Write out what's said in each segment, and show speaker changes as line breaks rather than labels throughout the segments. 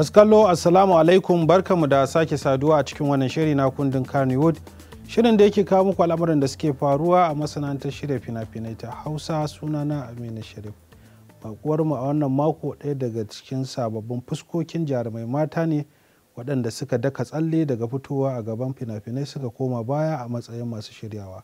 masu kallo assalamu alaikum barkamu da sake saduwa a cikin wannan shiri na kundin carnewood shirin da yake kawo muku al'amuran da suke faruwa a masana'antar shirya fina-finai ta hausa suna sunana aminu sharif mu a wannan mako ɗaya daga cikin sababbin fuskokin jarumai mata ne waɗanda suka daka tsalle daga fitowa a gaban fina-finai suka koma baya a matsayin masu shiryawa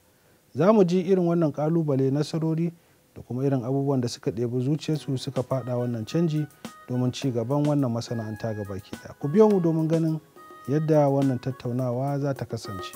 za mu ji irin wannan ƙalubale nasarori da kuma irin abubuwan da suka ɗebi zuciyarsu suka faɗa wannan canji domin ci gaban wannan masana'anta gaba ki ku biyo mu domin ganin yadda wannan tattaunawa za ta kasance.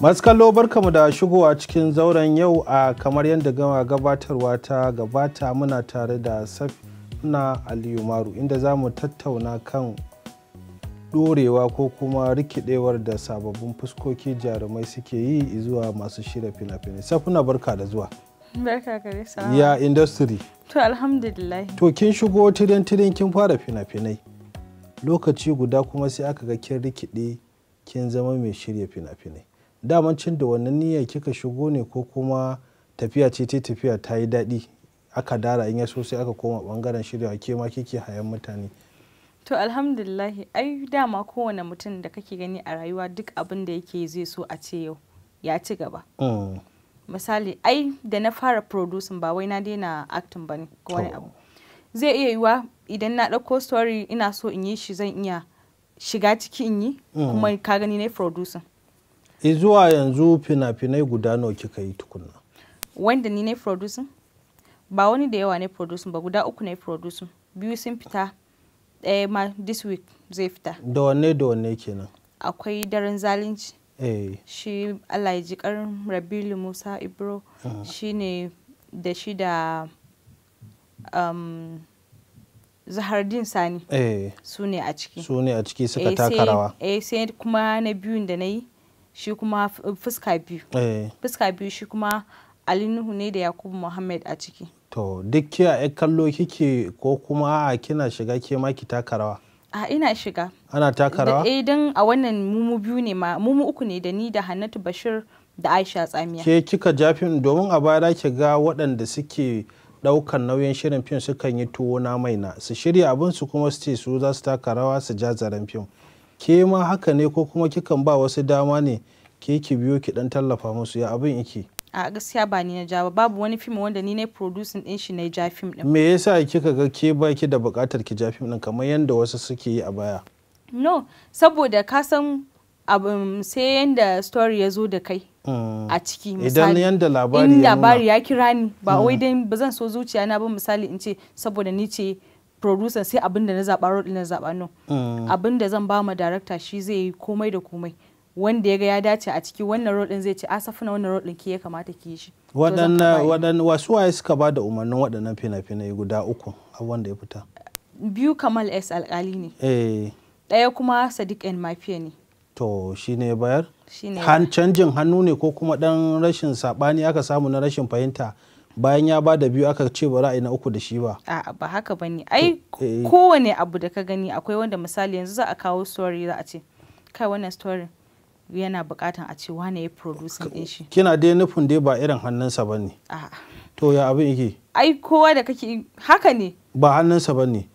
masu kallo barkamu da shigowa cikin zauren yau a kamar yadda gama gabatarwa ta gabata muna tare da safina aliyu maru inda za mu tattauna kan dorewa ko kuma rikidewar da sababbin fuskoki jarumai suke yi zuwa masu shirya fina-finai safina barka da zuwa ya industry
to alhamdulillah to
kin shigo tirin-tirin kin fara fina-finai lokaci guda kuma sai aka ga kin rikide kin zama mai shirya fina-finai daman cin da wannan niyyar kika shigo ne ko kuma tafiya ce ta tafiya ta yi daɗi aka dara in ya so sai aka koma bangaren shirya ke ma kike hayan mutane
to alhamdulillahi ai dama kowane mutum da kake gani a rayuwa duk abin da yake zai so a ce yau ya ci gaba mm. misali ai da na fara producing ba wai na daina acting ba ne ko wani abu zai iya yiwa idan na ɗauko story ina so in yi shi zan iya shiga ciki in yi mm. kuma ka gani na producing
zuwa yanzu fina-finai guda nawa kika yi tukunna
wanda ni ne producing ba wani da yawa ne producing ba guda uku ne producing biyu sun fita ɗaya eh, ma this week zai fita
da wanne da wanne kenan
akwai daren zalunci eh. shi allah ya ji karin rabilu musa ibro uh -huh. shi ne da shi da um, zahardin sani eh. su ne a ciki su
ne a ciki suka eh, taka rawa
eh sai kuma na biyun da na yi shi kuma eh, fuska biyu eh. fuska biyu shi kuma ali nuhu ne da yakubu muhammad a ciki
to duk kiya ya kallo kike ko kuma a kina shiga ke ma ki takarawa.
a ina shiga
ana takarawa. eh
dan a wannan mumu biyu ne ma mumu uku ne da ni da hannatu bashir da aisha tsamiya ke
kika ja fim domin a baya ki ga waɗanda suke daukan nauyin shirin fim sukan yi tuwo na mai na su shirya abin su kuma su ce su za su taka rawa su ja zaren fim ke ma haka ne ko kuma kikan ba wasu dama ne ke ki biyo ki dan tallafa musu ya abin yake
a gaskiya ba ni na ja ba babu wani fim wanda ni na producing din shi na ja fim din me
yasa kika ga ke ba ki da bukatar ki ja fim din kamar yanda wasu suke yi a baya
no saboda ka san abin sai yanda story ya zo da kai hmm. a ciki misali idan labari ya kira ni ba wai hmm. dan ba zan so zuciya na ba misali in ce saboda ni ce producer sai abin da na zaɓa road na zaɓa no
mm. abin
da zan ba ma director shi zai yi komai da komai wanda ya ga ya dace a ciki wannan road din zai ce a safina wannan road din ke ya kamata ki yi shi wadannan
wasu waye suka ba da umarnin waɗannan fina-finai guda uku abubuwan da ya fita
biyu kamal s alkali ne eh. ɗaya kuma sadiq and mafiya ne
to shi ne bayar han canjin hannu ne ko kuma ɗan rashin saɓani aka samu na rashin fahimta bayan ya ba da biyu aka ce ba ra'ayi na uku da shi ba
a'a ba haka ne. ai
eh. kowane
abu da ka gani akwai wanda misali yanzu za a kawo story za a ce kai wannan story yana bukatan a ce wane ya producing din shi
kina dai nufin dai ba irin hannunsa bane ne. to ya abin yake
ai kowa da kake haka ne
ba hannunsa bane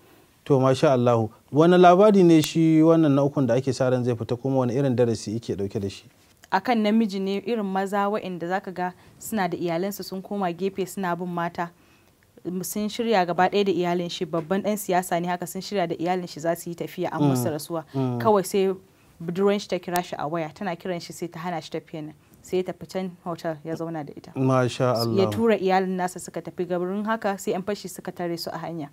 to masha Allahu wani labari ne shi wannan na ukun da ake sa ran zai fita kuma wani irin darasi yake dauke da shi
akan namiji ne irin maza waɗanda zaka ga suna da iyalansu sun koma gefe suna bin mata sun shirya gaba ɗaya da iyalin shi babban ɗan siyasa ne haka sun shirya da iyalin shi za su yi tafiya a musu mm, rasuwa mm. kawai sai budurwan shi ta kira shi a waya tana kiran shi sai ta hana shi tafiya nan sai ya tafi can hotel ya zauna da ita. Ya tura iyalin nasa suka tafi gabarin haka sai 'yan fashi suka tare su a hanya.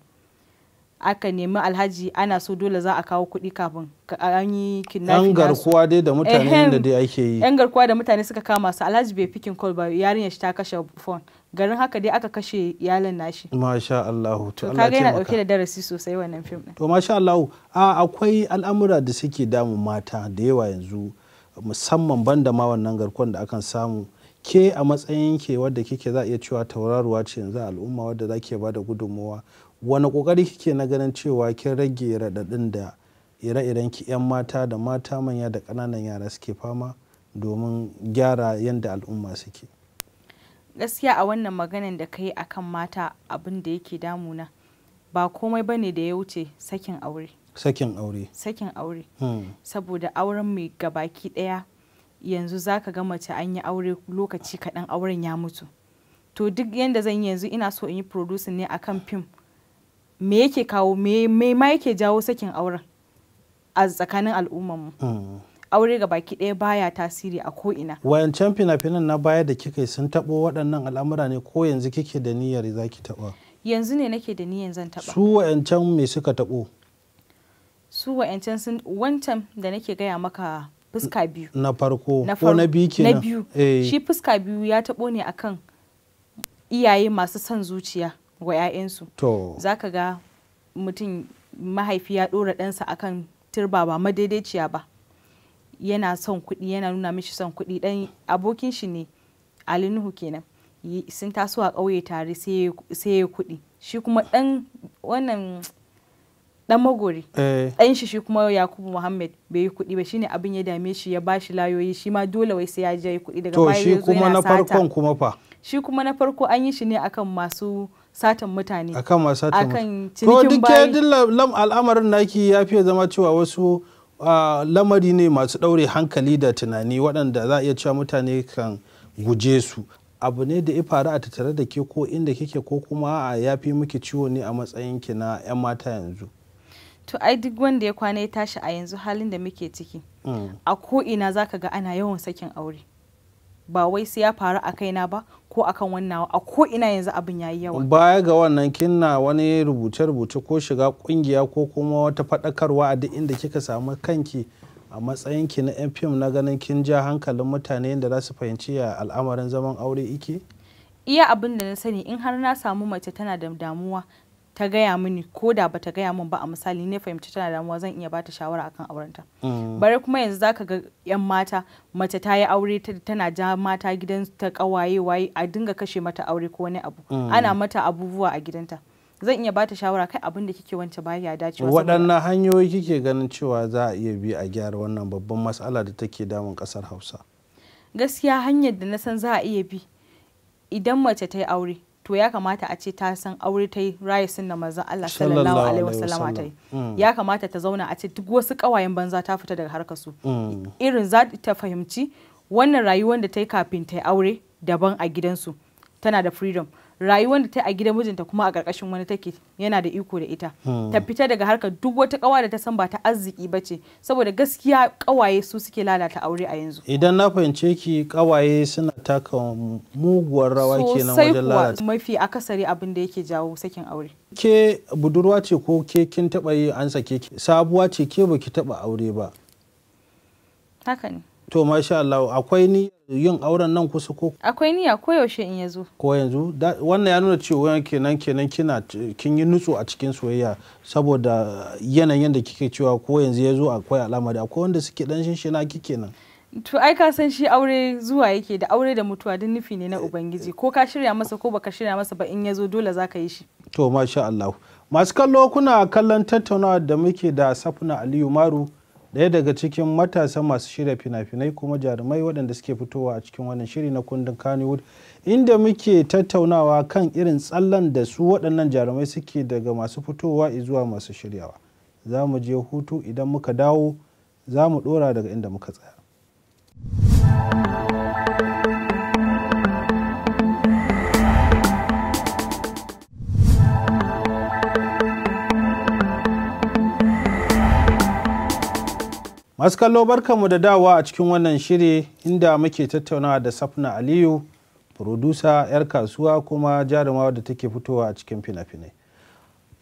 aka nemi alhaji ana so dole za a kawo kuɗi kafin an yi kidnapping yan garkuwa
dai da mutane da dai ake yi yan
garkuwa da mutane suka kama su alhaji bai fikin kol ba yarinyar shi ta kashe phone garin haka dai aka kashe iyalan nashi
masha Allah to Allah ya yana dauke
da darasi sosai wannan film din
to masha Allah a akwai al'amura da suke damu mata da yawa yanzu musamman banda ma wannan garkuwan da akan samu ke a matsayin ke wadda kike za iya cewa tauraruwa ce yanzu al'umma wadda zake bada gudunmawa wani kokari kike na ganin cewa kin rage raɗaɗin da ire-iren ki 'yan mata da mata manya da ƙananan yara suke fama domin gyara yadda al'umma suke
gaskiya a wannan maganan da ka yi a kan mata abin da yake damuna ba komai ba ne da ya wuce sakin aure
sakin aure
sakin aure hmm. saboda auren mai gabaki ɗaya yanzu za ka ga mace an yi aure lokaci kaɗan auren ya mutu to duk yadda zan yanzu ina so in yi producing ne a kan fim me yake kawo me ma yake jawo sakin auren a tsakanin al'umman mu mm. aure ga baki ɗaya baya tasiri a ko ina
wayancan fina-finan na baya da kika sun taɓo waɗannan al'amura ne ko yanzu kike da niyyar zaki taɓa
yanzu ne nake da niyyar zan taɓa su
wayancan me suka taɓo
su wayancan sun wancan da nake gaya maka fuska biyu na farko ko na biyu kenan na biyu eh. shi fuska biyu ya taɓo ne akan iyaye masu son zuciya wa 'ya'yansu za ka ga mutum mahaifi ya ɗora ɗansa akan turba ba madaidaiciya ba yana son kuɗi yana nuna mishi son kuɗi ɗan abokin shi ne alinuhu kenan sun taso a ƙauye tare sai ya kuɗi shi kuma ɗan wannan ɗan magori eh. ɗan shi shi kuma yakubu muhammad bai yi kuɗi ba shine abin ya dame shi ya bashi layoyi shi ma dole wai sai ya je kuɗi daga baya ya yana sata shi kuma na farko an yi shi ne akan masu satan mutane akan masu satan cinikin bayi duk
al'amarin naki ya fiye zama cewa wasu lamari ne masu ɗaure hankali da tunani waɗanda za a iya cewa mutane kan guje su abu ne da ya faru a tattare da ke ko inda kike ko kuma a ya fi miki ciwo ne a matsayin ki na 'yan mata yanzu
to ai duk wanda ya kwana ya tashi a yanzu halin da muke ciki mm. a ko ina zaka ga ana yawan sakin aure ba wai sai ya faru a kaina ba ko akan wannan a ko ina yanzu abin ya yi yawa
baya ga wannan kinna wani rubuce rubuce ko shiga kungiya ko kuma wata fadakarwa a duk inda kika samu kanki a matsayin ki na fim na ganin kin ja hankalin mutane da za su fahimci ya al'amarin zaman aure ike
iya abin da na sani in har na samu mace tana da damuwa ta gaya mini ko da ba ta gaya min ba a misali ne fahimci tana damuwa zan iya bata shawara akan aurenta mm. bare kuma yanzu zaka ga yan mata mace ta yi aure tana ja mata gidan ta kawaye waye a dinga kashe mata aure ko wani abu mm. ana mata abubuwa a gidanta zan iya bata shawara kai abin da kike wance baya dacewa waɗannan
hanyoyi kike ganin cewa za a iya bi a gyara wannan babban matsala da take damun kasar Hausa
gaskiya hanyar da na san za a iya bi idan mace ta yi aure to ya kamata a ce ta san aure ta yi raye sunna maza Allah sallallahu alaihi wasallama ta yi mm. ya kamata ta zauna a ce duk wasu kawayen banza ta fita daga harkar su mm. irin za ta fahimci wannan rayuwar da ta yi kafin ta yi aure daban a gidansu tana da freedom rayuwar da ta a gidan mijinta kuma a ƙarƙashin wani take yana da iko da ita hmm. ta fita daga harkar duk wata kawa da ta san ba ta arziki ba ce saboda gaskiya kawaye su suke lalata aure a yanzu
idan na fahimce ki kawaye suna taka muguwar rawa kenan wajen lalata
mafi akasari abin da yake jawo sakin aure
ke budurwa ce ko ke kin taba yi an sake ki sabuwa ce ke baki taɓa aure ba haka ne To masha Allah akwai ni yin auren nan kusa ko?
Akwai ni ko yaushe in yazo.
Ko yanzu wannan ya nuna cewa kenan kenan kina kin yi nutsu a cikin soyayya saboda yanayin da kike cewa ko yanzu ya akwai alama da akwai wanda suke dan shinshina kike nan.
To ai ka san shi aure zuwa yake da aure da mutuwa duk nufi ne na eh, Ubangiji eh. ko ka shirya masa ko baka shirya masa ba in yazo dole za yi shi.
To masha Allah. Masu kallo kuna kallon tattaunawa da muke da Safna Aliyu Maru. daya daga cikin matasa masu shirya fina-finai kuma jarumai waɗanda suke fitowa a cikin wannan shiri na kundin kannywood inda muke tattaunawa kan irin tsallan da su waɗannan jarumai suke daga masu fitowa zuwa masu shiryawa za mu je hutu idan muka dawo za mu ɗora daga inda muka tsaya. masu kallo barkanmu da dawa a cikin wannan shiri inda muke tattaunawa da safna aliyu furodusa 'yar kasuwa kuma jarumawa da take fitowa a cikin fina-finai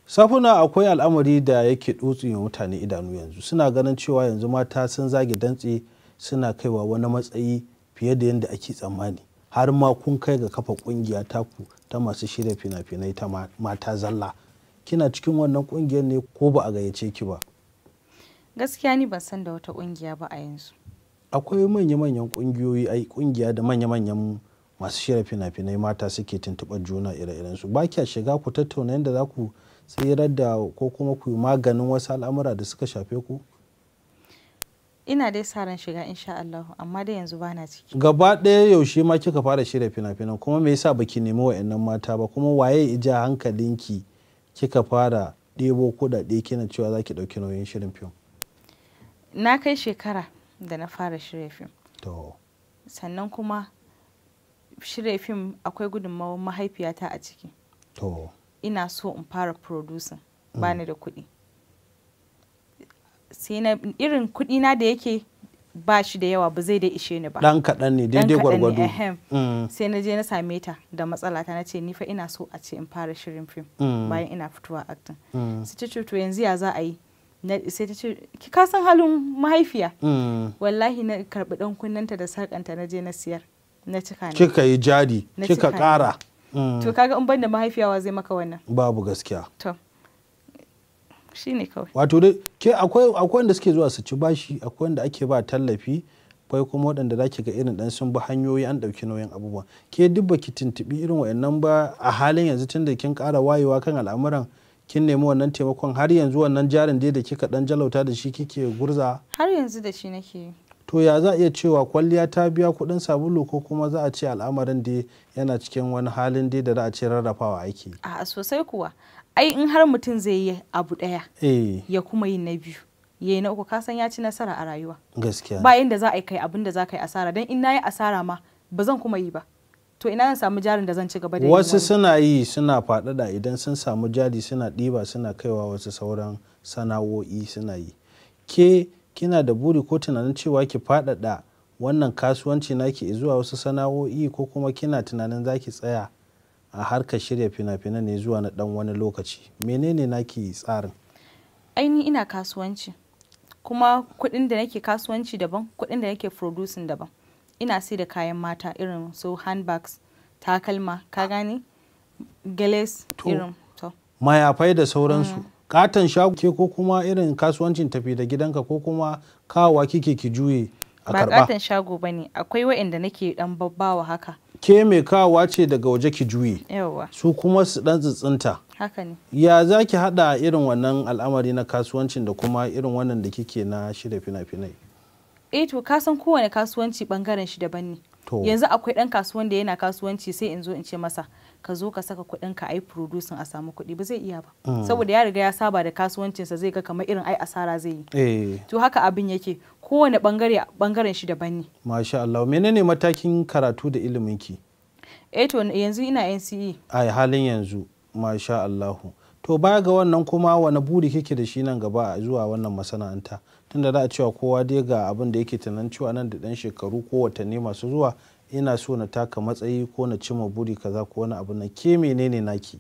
safuna akwai al'amari da yake dutsen mutane idanu yanzu suna ganin cewa yanzu mata sun zage dantse suna kaiwa wani matsayi fiye da yadda ake tsammani har ma kun kai ga kafa kungiya taku ta masu shirya fina-finai ta mata zalla kina cikin wannan kungiyar ne ko ba a gayyace ki ba
gaskiya ni ban san da wata kungiya ba a yanzu
akwai manya-manyan kungiyoyi ai kungiya da manya-manyan masu shirya fina-finai mata suke tuntuɓar juna ire-iren su ba kya shiga ku tattauna yadda za ku tsirar da ko kuma ku maganin wasu al'amura da suka shafe ku
ina dai sa ran shiga insha Allah amma dai yanzu bana ciki
gaba ɗaya yaushe ma kika fara shirya fina-finan kuma me yasa baki nemi wa'annan mata ba kuma waye ija hankalinki kika fara ɗebo kuɗaɗe kina cewa zaki ki ɗauki nauyin shirin fim
na kai shekara da na fara shirya fim sannan kuma shirya fim akwai gudunmawar mahaifiyata a ciki ina so in fara producing mm. bani da kuɗi irin kuɗi na da yake ba shi da yawa ba zai da ishe ni ba dan kaɗan ne daidai gwargwado mm. sai na je na same ta da matsala ta nace ni fa ina so a ce in fara shirin fim mm. bayan ina fitowa acting su ce to yanzu ya za a yi sai ta ce ki ka san halin mahaifiya hmm. wallahi na karbi dan kunnanta da sarkanta na je na siyar na cika ne kika
yi jari kika kara hmm. to
kaga in banda mahaifiyawa zai maka wannan
babu gaskiya
to shine kawai
wato dai ke akwai akwai wanda suke zuwa su ci bashi akwai wanda ake ba tallafi akwai kuma waɗanda za ki ga irin dan sun bi hanyoyi an ɗauki nauyin abubuwa ke duk baki tuntuɓi irin waɗannan ba a halin yanzu tun da kin ƙara wayewa kan al'amuran kin nemi wannan taimakon har yanzu wannan jarin dai da kika dan jalauta da shi kike gurza
har yanzu da shi nake
to ya za a iya cewa kwalliya ta biya kuɗin sabulu ko kuma za a ce al'amarin da yana cikin wani halin dai da za a ce rarrafawa aiki
a sosai kuwa ai in har mutum zai yi abu ɗaya eh. ya kuma yi na biyu ya yi na uku kasan ya ci nasara a rayuwa gaskiya ba inda za a yi kai abin da za ka yi asara don in na yi asara ma ba zan kuma yi ba to ina zan samu jarin da zan ci gaba da wasu suna
yi suna faɗaɗa idan sun samu jari suna ɗiba suna kaiwa wasu sauran sana'o'i suna yi ke kina da buri ko tunanin cewa ki faɗaɗa wannan kasuwanci naki zuwa wasu sana'o'i ko kuma kina tunanin zaki tsaya a harkar shirya fina fina ne zuwa na dan wani lokaci menene naki tsarin
aini ina kasuwanci kuma kuɗin da nake kasuwanci daban kuɗin da nake producing daban ina sai da kayan mata irin su handbags takalma ka gani gales irin to
mayafai da sauransu mm. katon shago ke ko kuma irin kasuwancin tafi da gidanka ko kuma kawa kike ki juye a karba ba
katon shago bane akwai waɗanda nake dan babbawa haka
ke mai kawa ce daga waje ki juye su kuma su dan tsitsinta haka ne ya zaki ki hada irin wannan al'amari na kasuwancin da kuma irin wannan da kike na shirya fina-finai
eh to ka san kowane kasuwanci bangaren shi daban ne yanzu akwai dan kasuwan da yana kasuwanci sai in zo in ce masa ka zo ka saka kuɗin ka ai producing a samu kuɗi ba zai iya ba mm. saboda ya riga ya saba da kasuwancinsa zai ga kamar irin ai asara zai yi
eh. to
haka abin yake kowane bangare bangaren shi daban ne
masha Allah menene matakin karatu da ilimin ki
eh to yanzu ina
NCE a halin yanzu masha Allah to baya ga wannan kuma wani buri kike da shi nan gaba zuwa wannan masana'anta tunda da a cewa kowa dai ga abin da yake tunanin cewa nan da ɗan shekaru ko watanni masu zuwa ina so na taka matsayi ko na cimma buri kaza ko wani abu na ke menene naki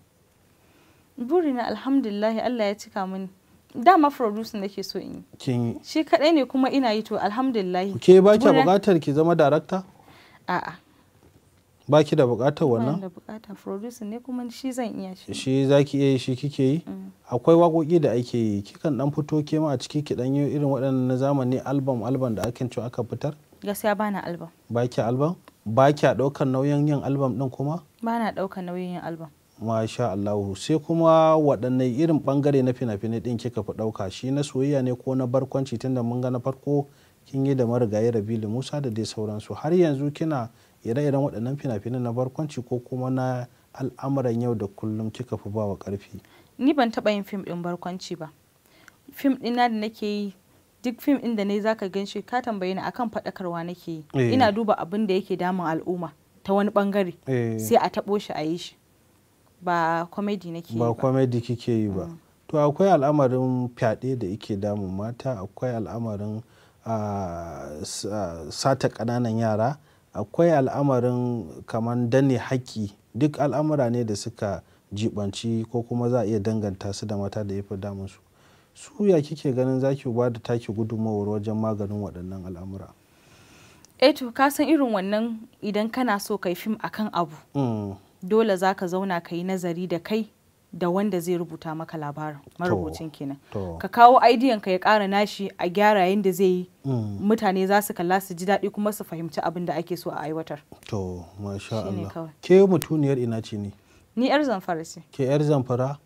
buri na alhamdulillah Allah ya cika mini dama producing nake so in yi shi kadai ne kuma ina yi to alhamdulillah ke ba ki bukatar
ki zama director a'a ba ki da bukatar wannan da
bukatar producer ne kuma shi zan iya shi
shi zaki iya shi kike yi mm. akwai wakoki da ake yi kikan dan fito ke ma a ciki ki dan yi irin waɗannan na zamani album album da akan ci aka fitar
gaskiya bana album
ba ki album ba ki daukar nauyin yin album din kuma
bana daukar nauyin yin album
masha Allah sai kuma waɗanne irin ɓangare na fina-finai din kika fi ɗauka shi na soyayya ne ko na barkwanci tunda mun ga na farko kin yi da marigayi rabilu musa da dai sauransu har yanzu kina ire-iren waɗannan fina-finan na barkwanci ko kuma na al'amuran yau da kullum kika fi ba wa ƙarfi.
ni ban taɓa yin fim ɗin barkwanci ba fim ɗina da nake yi duk fim ɗin da ne zaka gan shi ka tambaye ni akan faɗakarwa nake yi eh. ina duba abin da yake damun al'umma ta wani bangare
eh. sai a
taɓo shi a yi shi ba komedi nake yi ba
komedi kike yi ba mm. to akwai al'amarin fyaɗe da yake damun mata akwai al'amarin ah, ah, sata ƙananan yara akwai al'amarin kamar dane haƙƙi duk al'amura ne da suka jibanci ko kuma za a iya danganta su da mata da ya fi damunsu su ya kike ganin za ki ba da taki gudunmawar wajen maganin waɗannan al'amura
eh to ka san irin wannan idan kana so kai fim akan abu mm. dole za ka zauna ka yi nazari da kai da wanda zai rubuta maka labarin marubucin kenan ka kawo aidiyan ka ya kara nashi a gyara yayin da zai yi mm. mutane za su kalla su ji daɗi kuma su fahimci abin da ake so a aiwatar
to masha Allah ke mutuniyar ina ce ne
ni yar zamfara ce
ke yar zamfara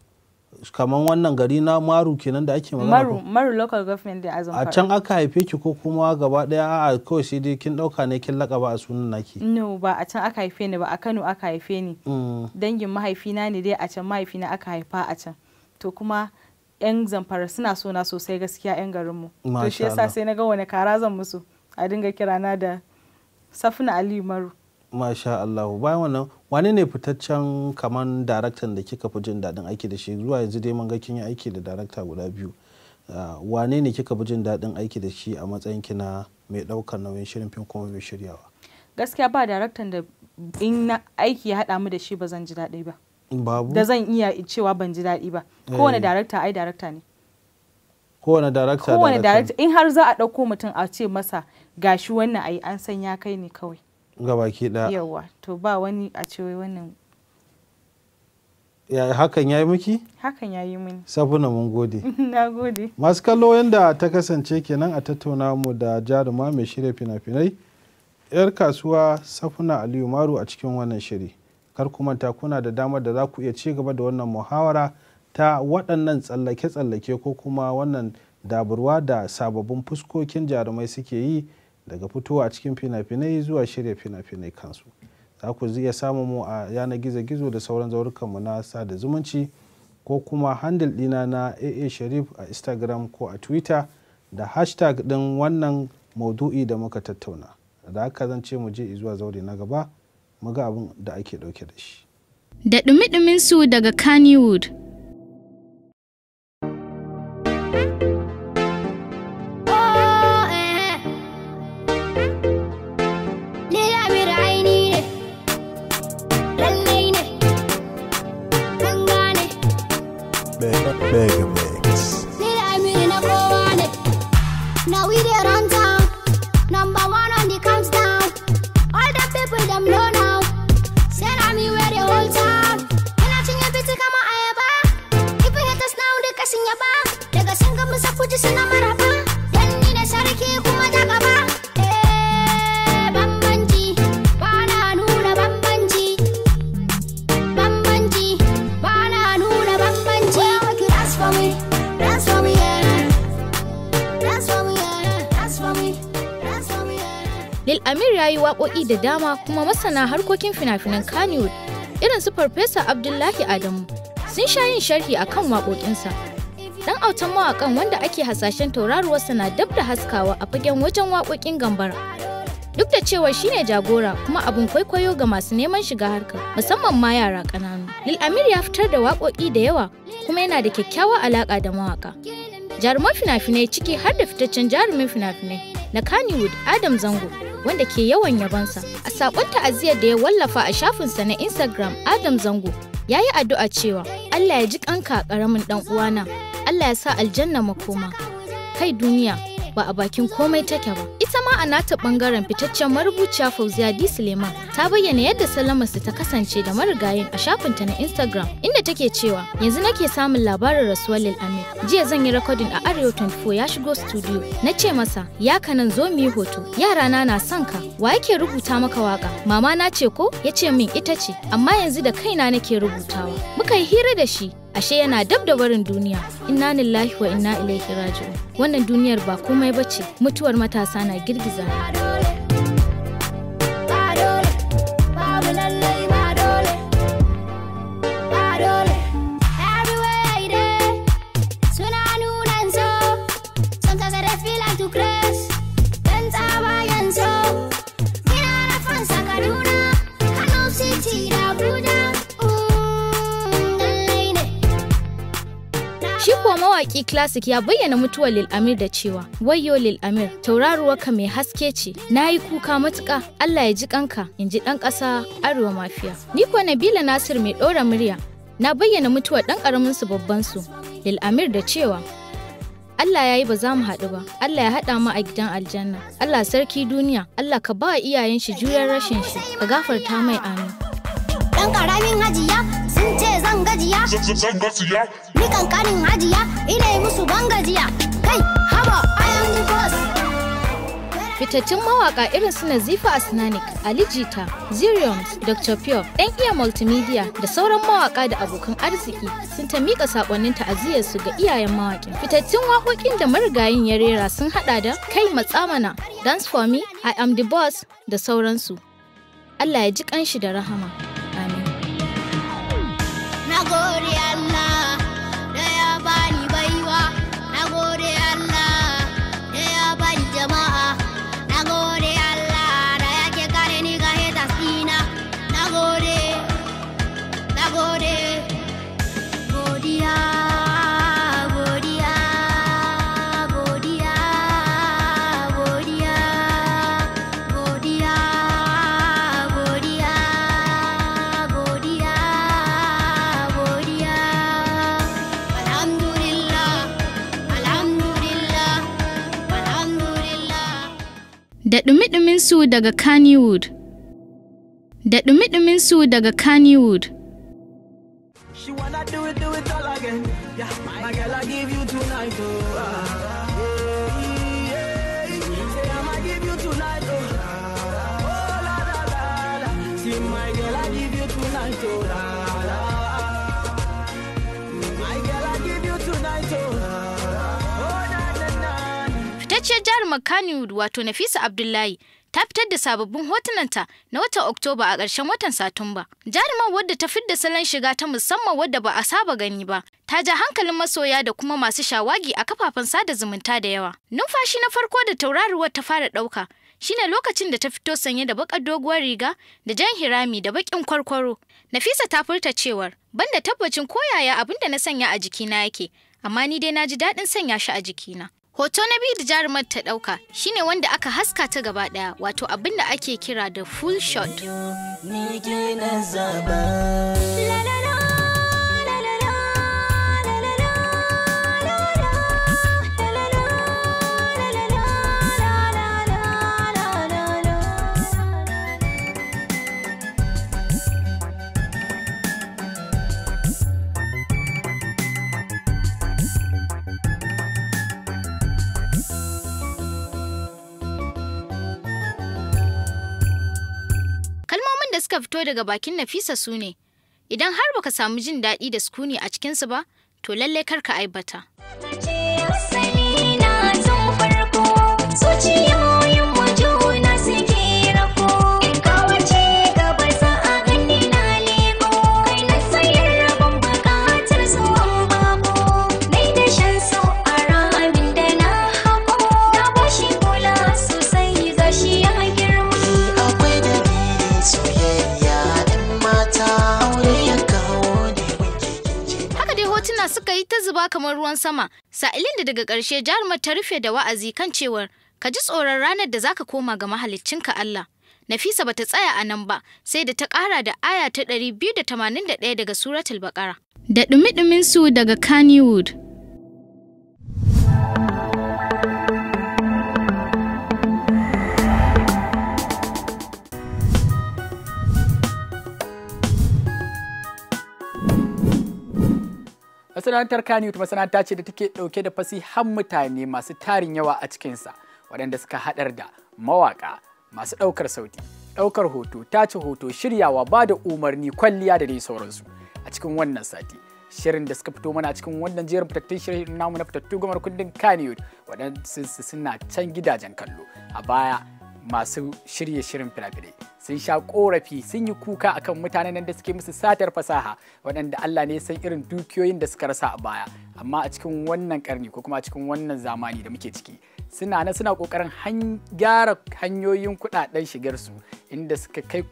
kamar wannan gari na maru kenan da ake magana maru
maru local government da azumfar a can
aka haife ki ko kuma gaba daya a kawai sai dai kin dauka ne kin lakaba a sunan naki
no ba a can aka haife ni ba a Kano aka haife ni mm. dangin mahaifina ne dai a can mahaifina aka haifa a can to kuma yan zamfara suna so na sosai gaskiya yan garin mu to shi yasa sai na ga wani kara zan musu a dinga kirana da Safina Aliyu Maru
masha Allah bayan wannan wani ne fitaccen kamar daraktan da kika fi jin daɗin aiki da shi zuwa yanzu dai mun ga kin yi aiki da darakta guda biyu ah, wane ne kika fi jin daɗin aiki da shi a matsayin ki na mai ɗaukar nauyin shirin fim kuma mai shiryawa
gaskiya ba daraktan da in na aiki ya haɗa mu da shi ba zan ji daɗi ba
babu da zan
iya cewa ban ji daɗi ba eh. kowane darakta ai darakta ne
kowane darakta kowane darakta
in har za a ɗauko mutum a ce masa gashi wannan ai an san ya kai ne kawai
gabaki ɗaya
yawa to ba wani a ce wannan
ya hakan ya miki?
hakan ya mini
safuna mun gode
na gode
masu kallo yadda ta kasance kenan a tattauna mu da jaruma mai shirya fina-finai yar kasuwa safuna aliyu maru a cikin wannan shiri kar kuma ta kuna da damar da za ku iya ci gaba da wannan muhawara ta waɗannan tsallake-tsallake ko kuma wannan daburwa da sababbin fuskokin jarumai suke yi daga fitowa a cikin fina-finai zuwa shirya fina-finai kansu za ku iya samun mu a yanar gizo-gizo da sauran zaurukanmu na sada zumunci ko kuma handle dina na aa sharif a instagram ko a twitter da hashtag din wannan maudu'i da muka tattauna da haka zan ce mu je zuwa zaure na gaba muga abin da ake dauke da shi
da dumi-duminsu daga kannywood da dama kuma masana harkokin fina-finan Kannywood irin su Farfesa Abdullahi Adamu sun sha yin sharhi a kan waƙoƙinsa. Dan autan mawaƙan wanda ake hasashen tauraruwarsa na dab da haskawa a fagen wajen waƙoƙin gambara. Duk da cewa shine jagora kuma abin kwaikwayo ga masu neman shiga harka, musamman ma yara ƙananu. Lil Amir ya fitar da waƙoƙi da yawa kuma yana da kyakkyawa alaƙa da mawaƙa. Jaruman fina-finai ciki har da fitaccen jarumin fina-finai na Kannywood Adam Zango wanda ke yawan yabonsa. A saƙon ta'aziyar da ya wallafa a shafinsa na Instagram Adam Zango ya yi addu'a cewa Allah ya ji kanka ƙaramin ɗan uwana, Allah ya sa aljanna makoma. Kai duniya, ba a bakin komai take ba. Ita ma a nata bangaren fitaccen marubuciya Fauziya D Suleiman ta bayyana yadda salamarsu ta kasance da marigayin a shafinta na Instagram inda take cewa yanzu nake samun labarin rasuwar Lil Amin. Jiya zan yi rekodin a Arewa 24 ya shigo studio. Na ce masa ya kanan zo mu yi hoto. Yarana na son ka. Wa yake rubuta maka waka? Mama na ce ko? Ya ce min ita ce. Amma yanzu da kaina nake rubutawa. Muka yi hira da shi ashe yana dab da barin duniya inna lillahi wa inna ilaihi raji'un wannan duniyar ba komai bace mutuwar matasa na girgiza mawaki classic ya bayyana mutuwar Lil Amir da cewa wayyo Lil Amir ka mai haske ce na yi kuka matuƙa Allah ya ji kanka in ji ɗan ƙasa Arewa Mafiya. Ni ko Nabila Nasir mai ɗora murya na bayyana mutuwar ɗan ƙaramin su babban su Lil Amir da cewa Allah ya yi ba za mu haɗu ba, Allah ya haɗa mu a gidan aljanna, Allah sarki duniya, Allah ka ba iyayen shi juyar rashin shi, ka gafarta mai amin. Ɗan ƙaramin hajiya gajiya zan gajiya ni kankanin hajiya ina musu ban gajiya kai haba fitattun mawaka irin su Nazifa Asnanik, Ali Jita, Zirions, Dr. Pure, ɗan iya multimedia da sauran mawaka da abokan arziki sun ta miƙa saƙonnin ta'aziyarsu ga iyayen mawakin. Fitattun waƙoƙin da marigayin ya rera sun haɗa da Kai Matsamana, Dance for Me, I Am The Boss da sauransu. Allah ya ji ƙanshi da rahama. da ɗumi-ɗumin su daga Kannywood. Da ɗumi-ɗumin su daga Kannywood. Fitacciyar jihar makani wato Nafisa Abdullahi ta fitar da sababbin hotunanta na watan Oktoba a ƙarshen watan Satumba. Jarumar wadda ta fidda salon shiga ta musamman wadda ba a saba gani ba, ta ja hankalin masoya da kuma masu shawagi a kafafen sada zumunta da yawa. Numfashi na farko da tauraruwar ta fara ɗauka shine lokacin da ta fito sanye da bakar doguwar riga da jan hirami da bakin kwarkwaro. Nafisa ta furta cewar, "Ban da tabbacin koyaya abin da na sanya a jikina yake, amma ni dai na ji daɗin sanya shi a jikina. Hoto na biyu da jarumar ta ɗauka shine wanda aka haska ta gaba ɗaya wato abin da ake kira da full shot. suka fito daga bakin Nafisa su ne. Idan har baka samu jin daɗi da sukuni a cikinsu ba, to lallai kar ka aibata. zubowa kamar ruwan sama sa'ilin da daga ƙarshe jarumar ta rufe da wa'azi kan cewar ka ji tsoron ranar da zaka koma ga mahaliccinka Allah Nafisa bata tsaya a nan ba sai da ta ƙara da aya ta 281 daga suratul Baƙara. da ɗumi-ɗumin su daga Kannywood
masana'antar kaniyut masana'anta ce da take dauke da fasihan mutane masu tarin yawa a cikinsa waɗanda suka haɗar da mawaƙa masu ɗaukar sauti ɗaukar hoto tace hoto shiryawa ba da umarni kwalliya da dai sauransu a cikin wannan sati shirin da suka fito mana a cikin wannan jerin fitattun shirin namu na fitattu gamar kundin kaniyut waɗansu suna can gidajen kallo a baya masu shirye shirin fina-finai sun sha korafi sun yi kuka akan mutanen da suke musu satar fasaha waɗanda Allah ne san irin dukiyoyin da suka rasa a baya amma a cikin wannan karni ko kuma a cikin wannan zamani da muke ciki suna na suna kokarin gyara hanyoyin kuɗaɗen shigar su inda suka kai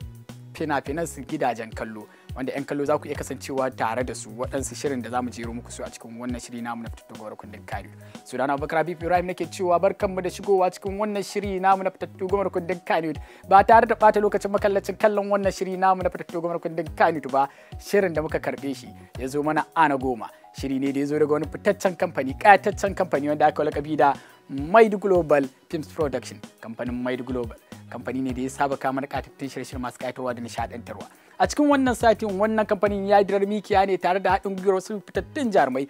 fina-finan su gidajen kallo wanda 'yan kallo za ku iya kasancewa tare da su waɗansu shirin da za mu jero muku su a cikin wannan shiri namu na fitattun gwamnati kundin kariyo su dana bakar bibi ibrahim nake cewa bar kanmu da shigowa cikin wannan shiri namu na fitattun gwamnati kundin kariyo ba tare da ɓata lokacin makallacin kallon wannan shiri namu na fitattun gwamnati kundin kariyo ba shirin da muka karɓe shi ya zo mana ana goma shiri ne da ya zo daga wani fitaccen kamfani ƙayataccen kamfani wanda aka lakabi da Maid Global Films Production kamfanin Maid Global kamfani ne da ya saba kamar katattun shirye-shirye masu ƙayatarwa da nishaɗantarwa a cikin wannan satin wannan kamfanin ya dirar mikiya ne tare da haɗin gwiwar wasu fitattun jarumai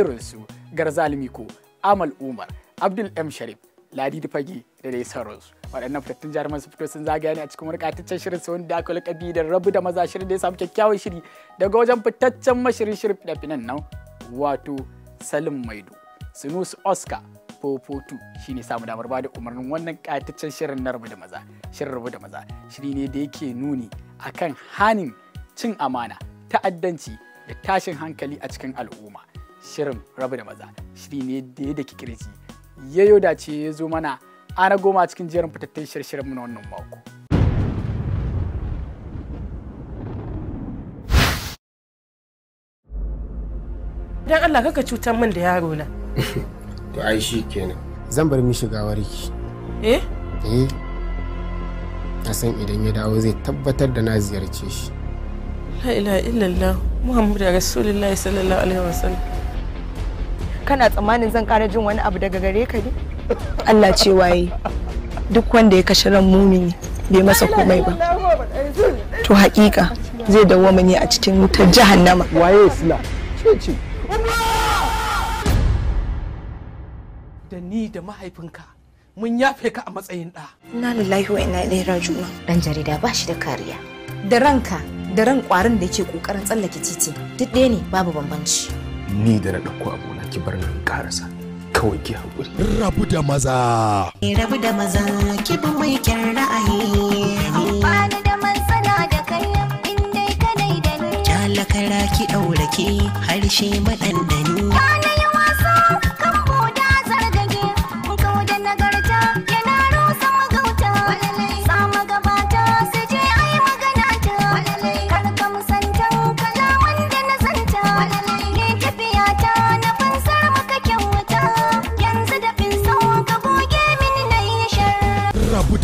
irinsu garza ko amal umar abdul m sharif ladi da fage da dai sauransu waɗannan fitattun jarumai su fito sun zagaya ne a cikin wani shirin su wanda aka lakabi da rabu da maza shirin da ya samu kyakkyawan shiri daga wajen fitaccen mashirin shirin fina nan wato salim maido sunusu oscar shi ne samu damar bada umarnin wannan ƙayataccen shirin na rabu da maza shirin rabu da maza shiri ne da yake nuni akan hanin cin amana ta'addanci da tashin hankali a cikin al'umma shirin rabu da maza shiri ne da ya daki kirji ya dace ya zo mana ana goma cikin jerin fitattun shirin mu na wannan mako
dan Allah kaka cutar min da yaro na
to ai shi kenan zan bar mishi gawarki eh eh na san idan ya dawo zai tabbatar da na ziyarce shi
la ilaha illallah
muhammadu rasulullahi sallallahu alaihi wasallam
kana tsammanin zan kara jin wani abu daga gare ka ne Allah ce waye duk wanda ya kashe ran mumini
bai masa komai ba to hakika zai dawo ne a cikin wutar
jahannama waye sila ce ce da ni da mahaifinka mun yafe ka a matsayin ɗa. Ina lillahi wa ina ɗaya raji'un.
Ɗan jarida ba shi da kariya. Da ranka da ran ƙwarin da yake ƙoƙarin tsallake titi duk ɗaya ne babu bambanci.
Ni da na ɗauko abuna ki bar nan ƙarasa kawai ki haƙuri. Rabu da maza.
Rabu da maza ki bi mai kyan ra'ayi.
Bani da matsala da kai in dai ka Kyalakara ki ɗauraki harshe maɗandani.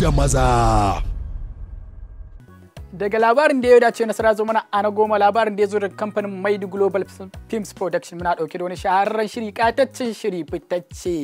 da maza. daga labarin da ya dace nasara zo mana ana goma labarin da ya zo daga kamfanin maid global films production muna dauke da wani shahararren shiri kataccen shiri fitacce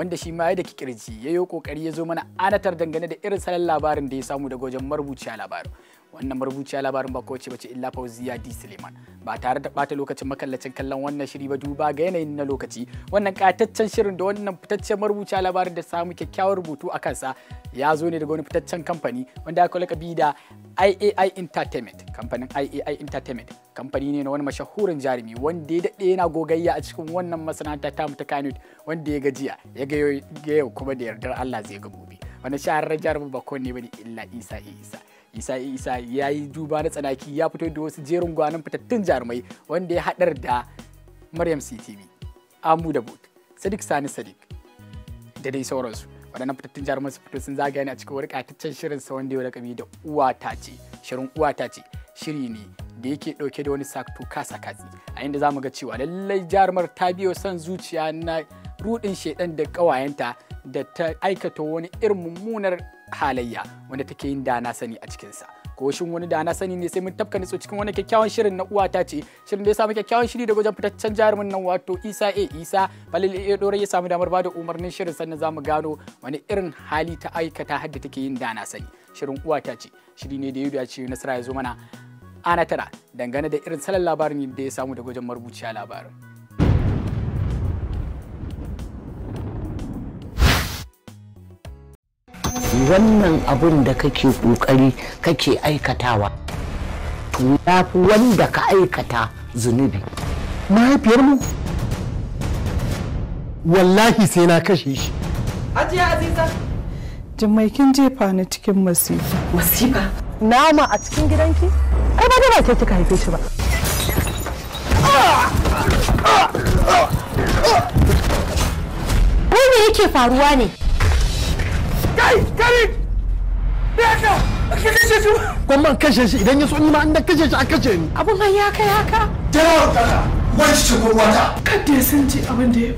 wanda shi ma ya da kikirji ya yi kokari ya zo mana anatar dangane da irin salon labarin da ya samu daga wajen marubuciya labarin wannan marubuciya labarin ba kowace bace illa fauziya d suleiman ba tare da bata lokacin makallacin kallon wannan shiri ba duba ga yanayin na lokaci wannan kataccen shirin da wannan fitaccen marubuciya labarin da samu kyakkyawar rubutu a kansa ya zo ne daga wani fitaccen kamfani wanda aka lakabi da iai entertainment kamfanin iai entertainment kamfani ne na wani mashahurin jarumi wanda ya daɗe yana gogayya a cikin wannan masana'anta ta mu ta kanut wanda ya gajiya ya ga yau kuma da yardar allah zai ga gobe wani shahararren jarumin bako ne bane illa isa isa isa isa ya yi duba na tsanaki ya fito da wasu jerin gwanin fitattun jarumai wanda ya haɗar da maryam ctv amu da bot sadiq sani sadiq da dai sauransu waɗannan fitattun jarumai su fito sun zagaya ne a cikin wani ƙataccen shirin sa wanda ya lakabi da Uwa ta ce shirin Uwa ta ce shiri ne da yake ɗauke da wani sakto kasa katsi a inda zamu ga cewa lallai jarumar ta biyo son zuciya na rudin shedan da ƙawayenta da ta aikata wani irin mummunar halayya wanda take yin da na sani a cikinsa ko shin wani da na sani ne sai mun tafka nitso cikin wani kyakkyawan shirin na uwata ce shirin da ya samu kyakkyawan shiri daga wajen fitaccen jarumin nan wato isa a isa balil a dora ya samu damar bada umarnin shirin sannan za mu gano wani irin hali ta aikata hadda take yin da na sani shirin uwata ce shiri ne da ya dace nasara ya zo mana ana tara dangane da irin salon labarin da ya samu da wajen marubuciya labarin
wannan abin da kake kokari kake aikatawa to ya fi wanda ka aikata zunubi mahaifiyarmu wallahi sai na kashe shi
ajiya aziza
jimai kin jefa ni cikin masifa
masifa nama a cikin gidanki ai ba da ba ke kika haife shi ba
Wai yake faruwa ne? kai kare kashe
shi man kashe shi idan ya so ni ma an da kashe shi a kashe ni abun har ya kai haka jarawar kaka wani shi wata kada ya san ji abin da ya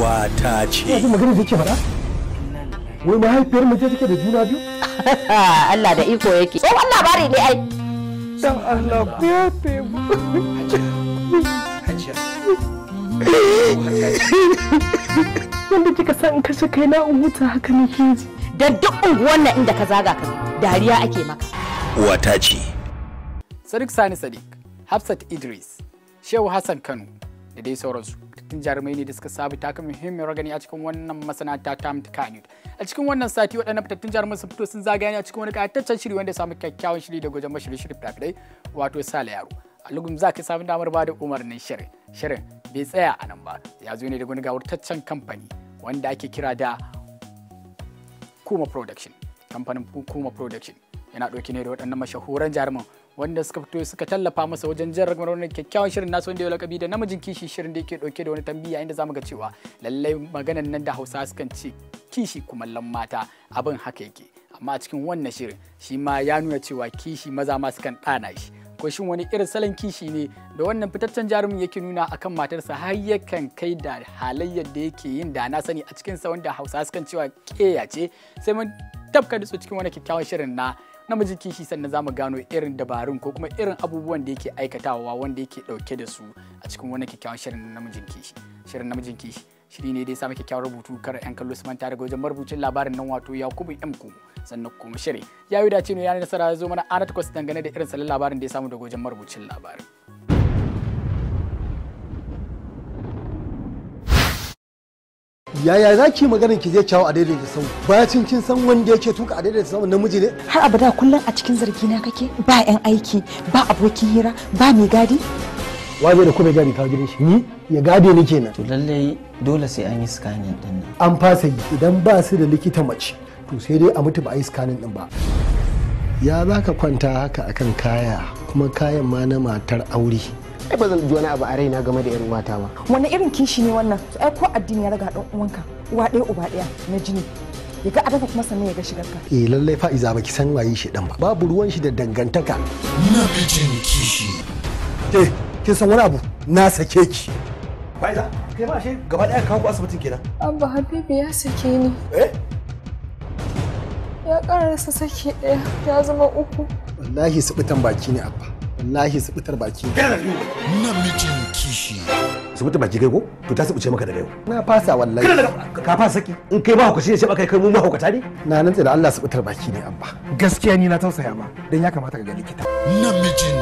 wata ce ya kuma da ke faɗa wai mahaifiyar mace take da juna biyu
Allah da iko yake tsohon labari ne ai dan Allah hajiya hajiya yadda kika san in kashe kaina in huta haka ke ji da duk unguwar nan inda ka
zaga ka dariya ake maka uwa ta ce Sadiq Sani Sadiq Hafsat Idris Shehu Hassan Kano da dai sauransu tun jarumai ne da suka sabi taka muhimmiyar ragani a cikin wannan masana'anta ta Kanyut. A cikin wannan sati waɗannan fitattun jarumai sun fito sun zagaya ne a cikin wani ƙayataccen shiri wanda ya samu kyakkyawan shiri da gwajin mashiri shirin fitafidai wato Sale Yaro. A lugun za ka samu damar ba da umarnin shirin. Shirin bai tsaya a nan ba ya zo ne da wani gawurtaccen kamfani wanda ake kira da kuma production kamfanin kuma production yana ɗauki ne da waɗannan mashahuran jaruman wanda suka fito suka tallafa masa wajen jan ragamar wani kyakkyawan shirin nasu wanda ya lakabi da namijin kishi shirin da yake ɗauke da wani tambiya inda zamu ga cewa lallai maganan nan da Hausa sukan ci kishi kumallon mata abin haka yake amma a cikin wannan shirin shi ma ya nuna cewa kishi maza ma sukan ɗana shi ko shin wani irin salon kishi ne da wannan fitaccen jarumin yake nuna akan matarsa har yakan kai da halayyar da yake yin da na sani a cikin sa wanda Hausa sukan cewa keya ce sai mun tafka da su cikin wani kyakkyawan shirin na namiji kishi sannan za mu gano irin dabarun ko kuma irin abubuwan da yake aikatawa wanda yake dauke da su a cikin wani kyakkyawan shirin namijin kishi shirin namijin kishi shiri ne dai samu kyakkyawan rubutu kar 'yan kallo su manta daga wajen marubucin labarin nan wato yakubu m kumu sannan kuma shiri ya yi dace ne ya nasara ya zo mana ana takwas dangane da irin salon labarin da ya samu da gojen marubucin labarin yaya za ki maganin ki zai kyawu a da sau bacin kin san wanda yake tuka a da sau namiji ne har abada kullum a cikin zargi na kake ba
yan aiki ba abokin hira ba mai
gadi waje da kuma gadi ka gidan shi ni ya gade ni kenan to lalle dole sai an yi scanning din an fasa idan ba su da likita mace to sai dai a mutu ba a yi scanning din ba ya za ka kwanta haka akan kaya kuma kayan ma na matar
aure ai ba zan ji wani abu a raina game da yan uwata ba
wani irin kishi ne wannan ai ko addini ya raga dan uwanka uwa ɗaya uba ɗaya na jini ya ga adafa kuma sannan ya ga shigar ka
eh lallai
fa'iza baki san waye shi dan ba babu ruwan shi da dangantaka na bijin kishi eh kin san wani abu na sake ki fa'iza kai ma ashe gaba ɗaya ku asibitin kenan
an ba habibi ya sake ni eh ya karasa
saki ɗaya ya zama uku
wallahi subutan baki ne abba wallahi subutar baki ne namijin kishi subutar baki kai ko to ta subuce maka daga yau na fasa wallahi ka fasa saki in kai ba hukaci ne ce baka kai kai mu ma hukata ne na nan da Allah subutar baki ne
abba gaskiya ni na tausaya ba dan ya kamata ka ga likita namijin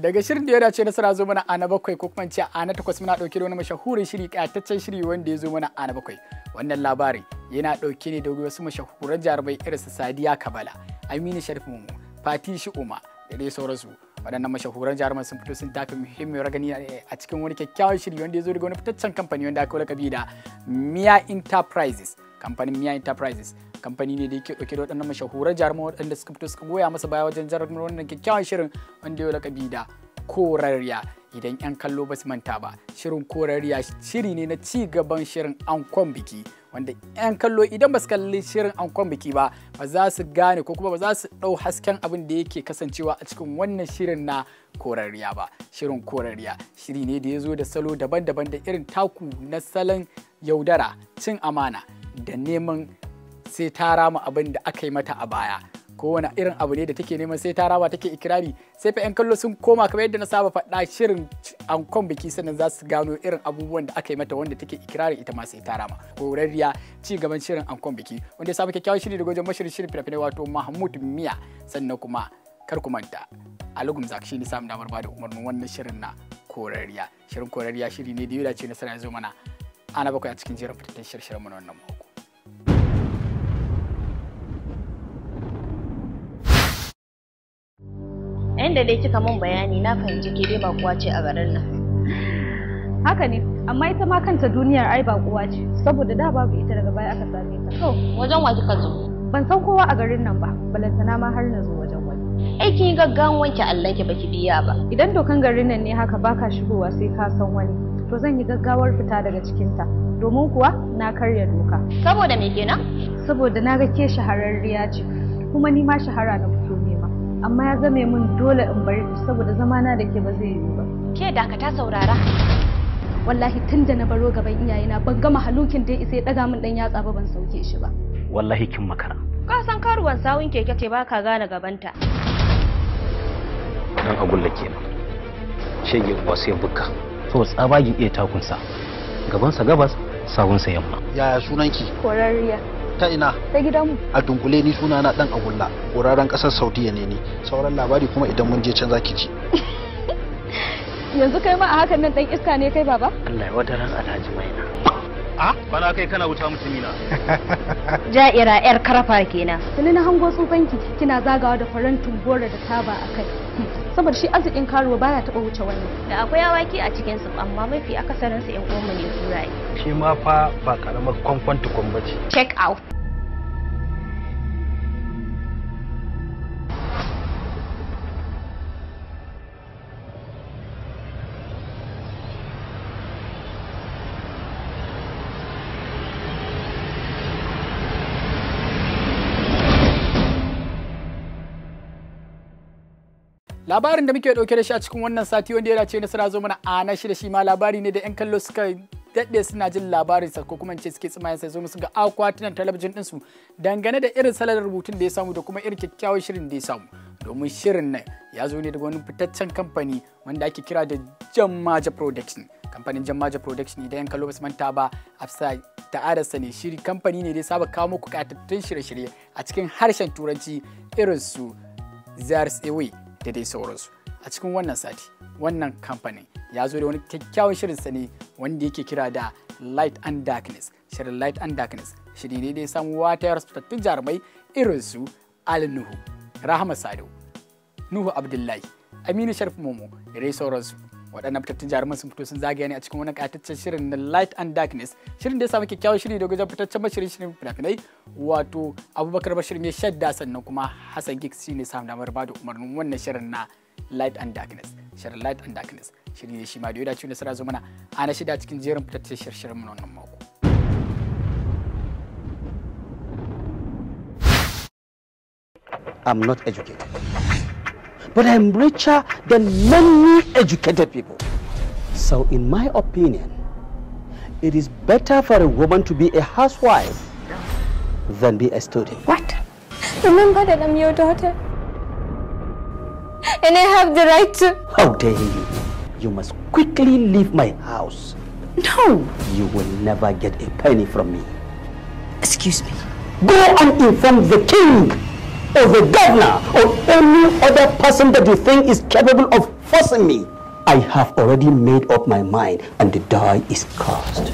daga shirin da ya dace nasara zo mana a na bakwai ko kuma ce a na takwas muna dauke da wani mashahurin shiri kayataccen shiri wanda ya zo mana a na bakwai wannan labarin yana dauke ne da wasu mashahuran jarumai irin su Sadiya Kabala Aminu Sharif Mumu Fati Shi'uma da dai sauransu waɗannan mashahuran jarumai sun fito sun taka muhimmiyar ragani eh, a cikin wani kyakkyawan shiri wanda ya zo daga wani fitaccen kamfani wanda aka lakabi da Mia Enterprises kamfanin miya Enterprises kamfani ne da yake dauke da waɗannan mashahuran jaruman waɗanda suka fito suka goya masa baya wajen jaruman wannan kyakkyawan shirin wanda ya lakabi da korariya idan 'yan kallo ba su manta ba shirin korariya shiri ne na ci gaban shirin ankon biki wanda 'yan kallo idan ba su kalli shirin ankon biki ba ba za su gane ko kuma ba za su ɗau hasken abin da yake kasancewa a cikin wannan shirin na korariya ba shirin korariya shiri ne da ya zo da salo daban-daban da irin taku na salon yaudara cin amana da neman sai ta rama abin da aka yi mata a baya kowane irin abu ne da take neman sai ta rama take ikirari sai fa 'yan kallo sun koma kamar yadda na saba faɗa shirin ankon biki sannan za su gano irin abubuwan da aka yi mata wanda take ikirari ita ma sai ta rama horarriya ci gaban shirin ankon biki wanda ya samu kyakkyawan shiri da wajen mashirin shirin fina-finai wato mahmud miya sannan kuma kar ku manta a lugun zak shi ne samun damar ba da umarnin wannan shirin na korariya shirin korariya shiri ne da ya dace na ya zo mana ana bakwai a cikin jerin fitattun shirshirin mu na wannan mako
yanda dai kika mun bayani na fahimci ke dai baƙuwa ce a garin nan haka ne amma ita ma kanta duniyar ai baƙuwa ce saboda da babu ita daga baya aka same ta to wajen wa kika zo ban san kowa a garin nan ba balantana ma har na zo wajen wani aikin gaggawan wanke Allah ki baki biya ba idan dokan garin nan ne haka baka shigowa sai ka san wani to zan yi gaggawar fita daga cikin ta domin kuwa na karya doka saboda me kenan saboda na ke shahararriya ce kuma ni ma shahara na amma ya zame min dole in bari ku saboda zamana da ke ba zai yiwu ba ke dakata saurara wallahi tun da na baro gaban iyayena ban gama halukin da isa ya daga min dan yatsa ba ban sauke shi ba
wallahi kin makara
ka san karuwan sawun keke ce ka gane gabanta
dan agulla kenan
shege kuwa sai bukka so tsabagin iya takunsa gabansa gabas sawunsa yamma yaya sunanki korariya ta ina ta gidanmu a dunkule ni suna na dan agulla wuraren kasar saudiya ne ni sauran labari kuma idan mun je can zaki ci.
yanzu kai ma a hakan nan dan iska ne kai baba
Allah ya wata ran alhaji maina a bana kai kana wuta mutumi na
ja'ira yar karafa kenan tuni na hango tsufanki kina zagawa da farantin gora da taba akai saboda shi arzikin karuwa baya taɓa wuce wannan da akwai awaki a cikin su amma mafi akasarin su yan uwanmu ne kuraye
shi ma fa ba karamar kwankwanta tukun bace
check out
labarin da muke dauke da shi a cikin wannan sati wanda ya dace nasara zo mana a na shi da shi ma labari ne da yan kallo suka daɗe suna jin labarin sa ko kuma ce suke tsima sai zo musu ga akwatunan talabijin din su dangane da irin salar rubutun da ya samu da kuma irin kyakkyawan shirin da ya samu domin shirin nan ya zo ne daga wani fitaccen kamfani wanda ake kira da jammaja production kamfanin jammaja production idan yan kallo basu manta ba afsa arasa ne shiri kamfani ne da ya saba kawo muku katattun shirye-shirye a cikin harshen turanci irin su zars away da dai sauransu a cikin wannan sati wannan kamfanin ya zo da wani kyakkyawan shirin sani wanda yake kira da light and darkness shirin light and darkness shiri ne da ya samu wata jarumai irin su ali nuhu rahama sado nuhu abdullahi aminu sharif momo da dai sauransu waɗannan fitattun jaruman sun fito sun zagaya ne a cikin wani ƙataccen shirin na light and darkness shirin da ya samu kyakkyawan shiri daga wajen fitaccen mashirin shirin fina-finai wato abubakar bashir mai shadda sannan kuma hassan gig shi ne samu damar ba da umarnin wannan shirin na light and darkness shirin light and darkness shiri ne shi ma da ya dace da sara zo mana ana shida cikin jerin fitattun shirin mu wannan mako. I'm not educated. but I'm richer than many educated people. So in my opinion, it is better for a woman to be a housewife than be a student. What?
Remember that I'm your daughter. And I have the right to... How dare you? You must quickly leave my house. No. You will never get a penny from me. Excuse me. Go and inform the king
or the governor, or any other person that you think is capable of forcing
me. I have already made up my mind and the die is cast.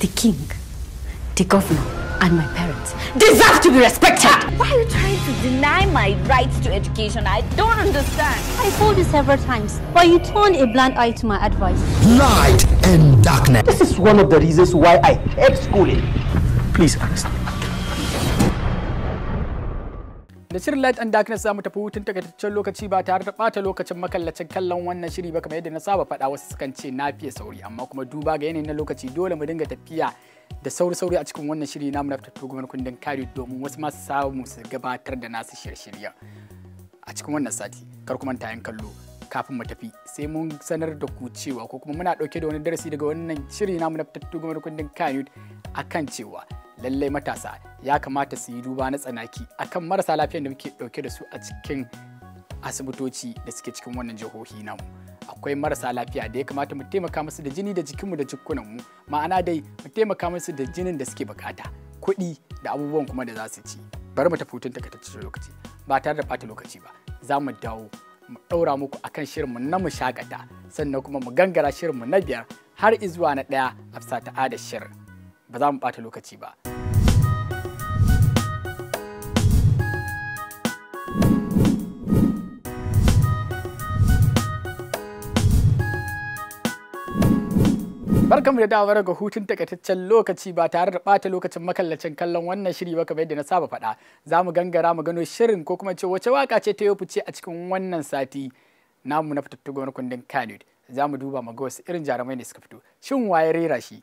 The king, the governor, and my parents deserve to be respected! Why are you trying to deny my rights to education? I don't understand. I told you several times, but you turned a blind eye to my advice.
Light and darkness. This is one of the reasons why I hate schooling. Please understand. da shirin light and darkness za mu tafi hutun takaitaccen lokaci ba tare da bata lokacin makallacin kallon wannan shiri ba kamar yadda na saba faɗa wasu sukan ce na fiye sauri amma kuma duba ga yanayin na lokaci dole mu dinga tafiya da sauri-sauri a cikin wannan shiri namu na fitattu gwamnan kundin kari domin wasu masu samu su gabatar da nasu shirye a cikin wannan sati kar kuma ta yin kallo kafin mu tafi sai mun sanar da ku cewa ko kuma muna ɗauke da wani darasi daga wannan shiri na fitattu gwamnan kundin kari akan cewa lallai matasa ya kamata su yi duba na tsanaki akan marasa lafiyan da muke dauke da su a cikin asibitoci da suke cikin wannan jihohi namu akwai marasa lafiya da ya kamata mu taimaka musu da jini da jikinmu da jikunanmu ma'ana dai mu taimaka musu da jinin da suke bukata kuɗi da abubuwan kuma da za su ci Bar mu tafi hutun takaitaccen lokaci ba tare da ɓata lokaci ba za mu dawo mu ɗaura muku akan shirinmu na mu shakata sannan kuma mu gangara shirinmu na biyar har izuwa na ɗaya a ta'ada shirin ba za mu ɓata lokaci ba. Barkanmu da dawar ga hutun takaitaccen lokaci ba tare da ɓata lokacin makallacin kallon wannan shiri ba kamar yadda na saba faɗa. Za mu gangara mu gano shirin ko kuma ce wace waka ce ta yau fice a cikin wannan sati namu na fitattu gwamnatin kundin Kanud. Za mu duba mu ga wasu irin jarumai ne suka fito. Shin waye rera shi?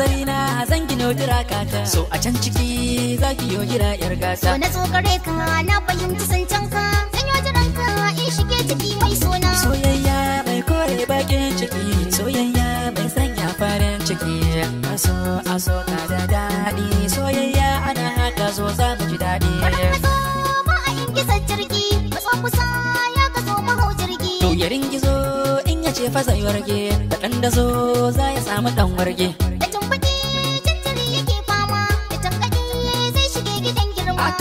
azari a zan gino jira kata so a can ciki za ki yo jira yar gasa na tsokare ka na fahimci can ka san yo jiran ka in shige ciki mai suna soyayya bai kore bakin ciki soyayya bai sanya farin ciki aso aso ka da daɗi soyayya ana haka so za mu ji daɗi ba a in ya ce fasa warge da ɗan da zo za ya samu ɗan warge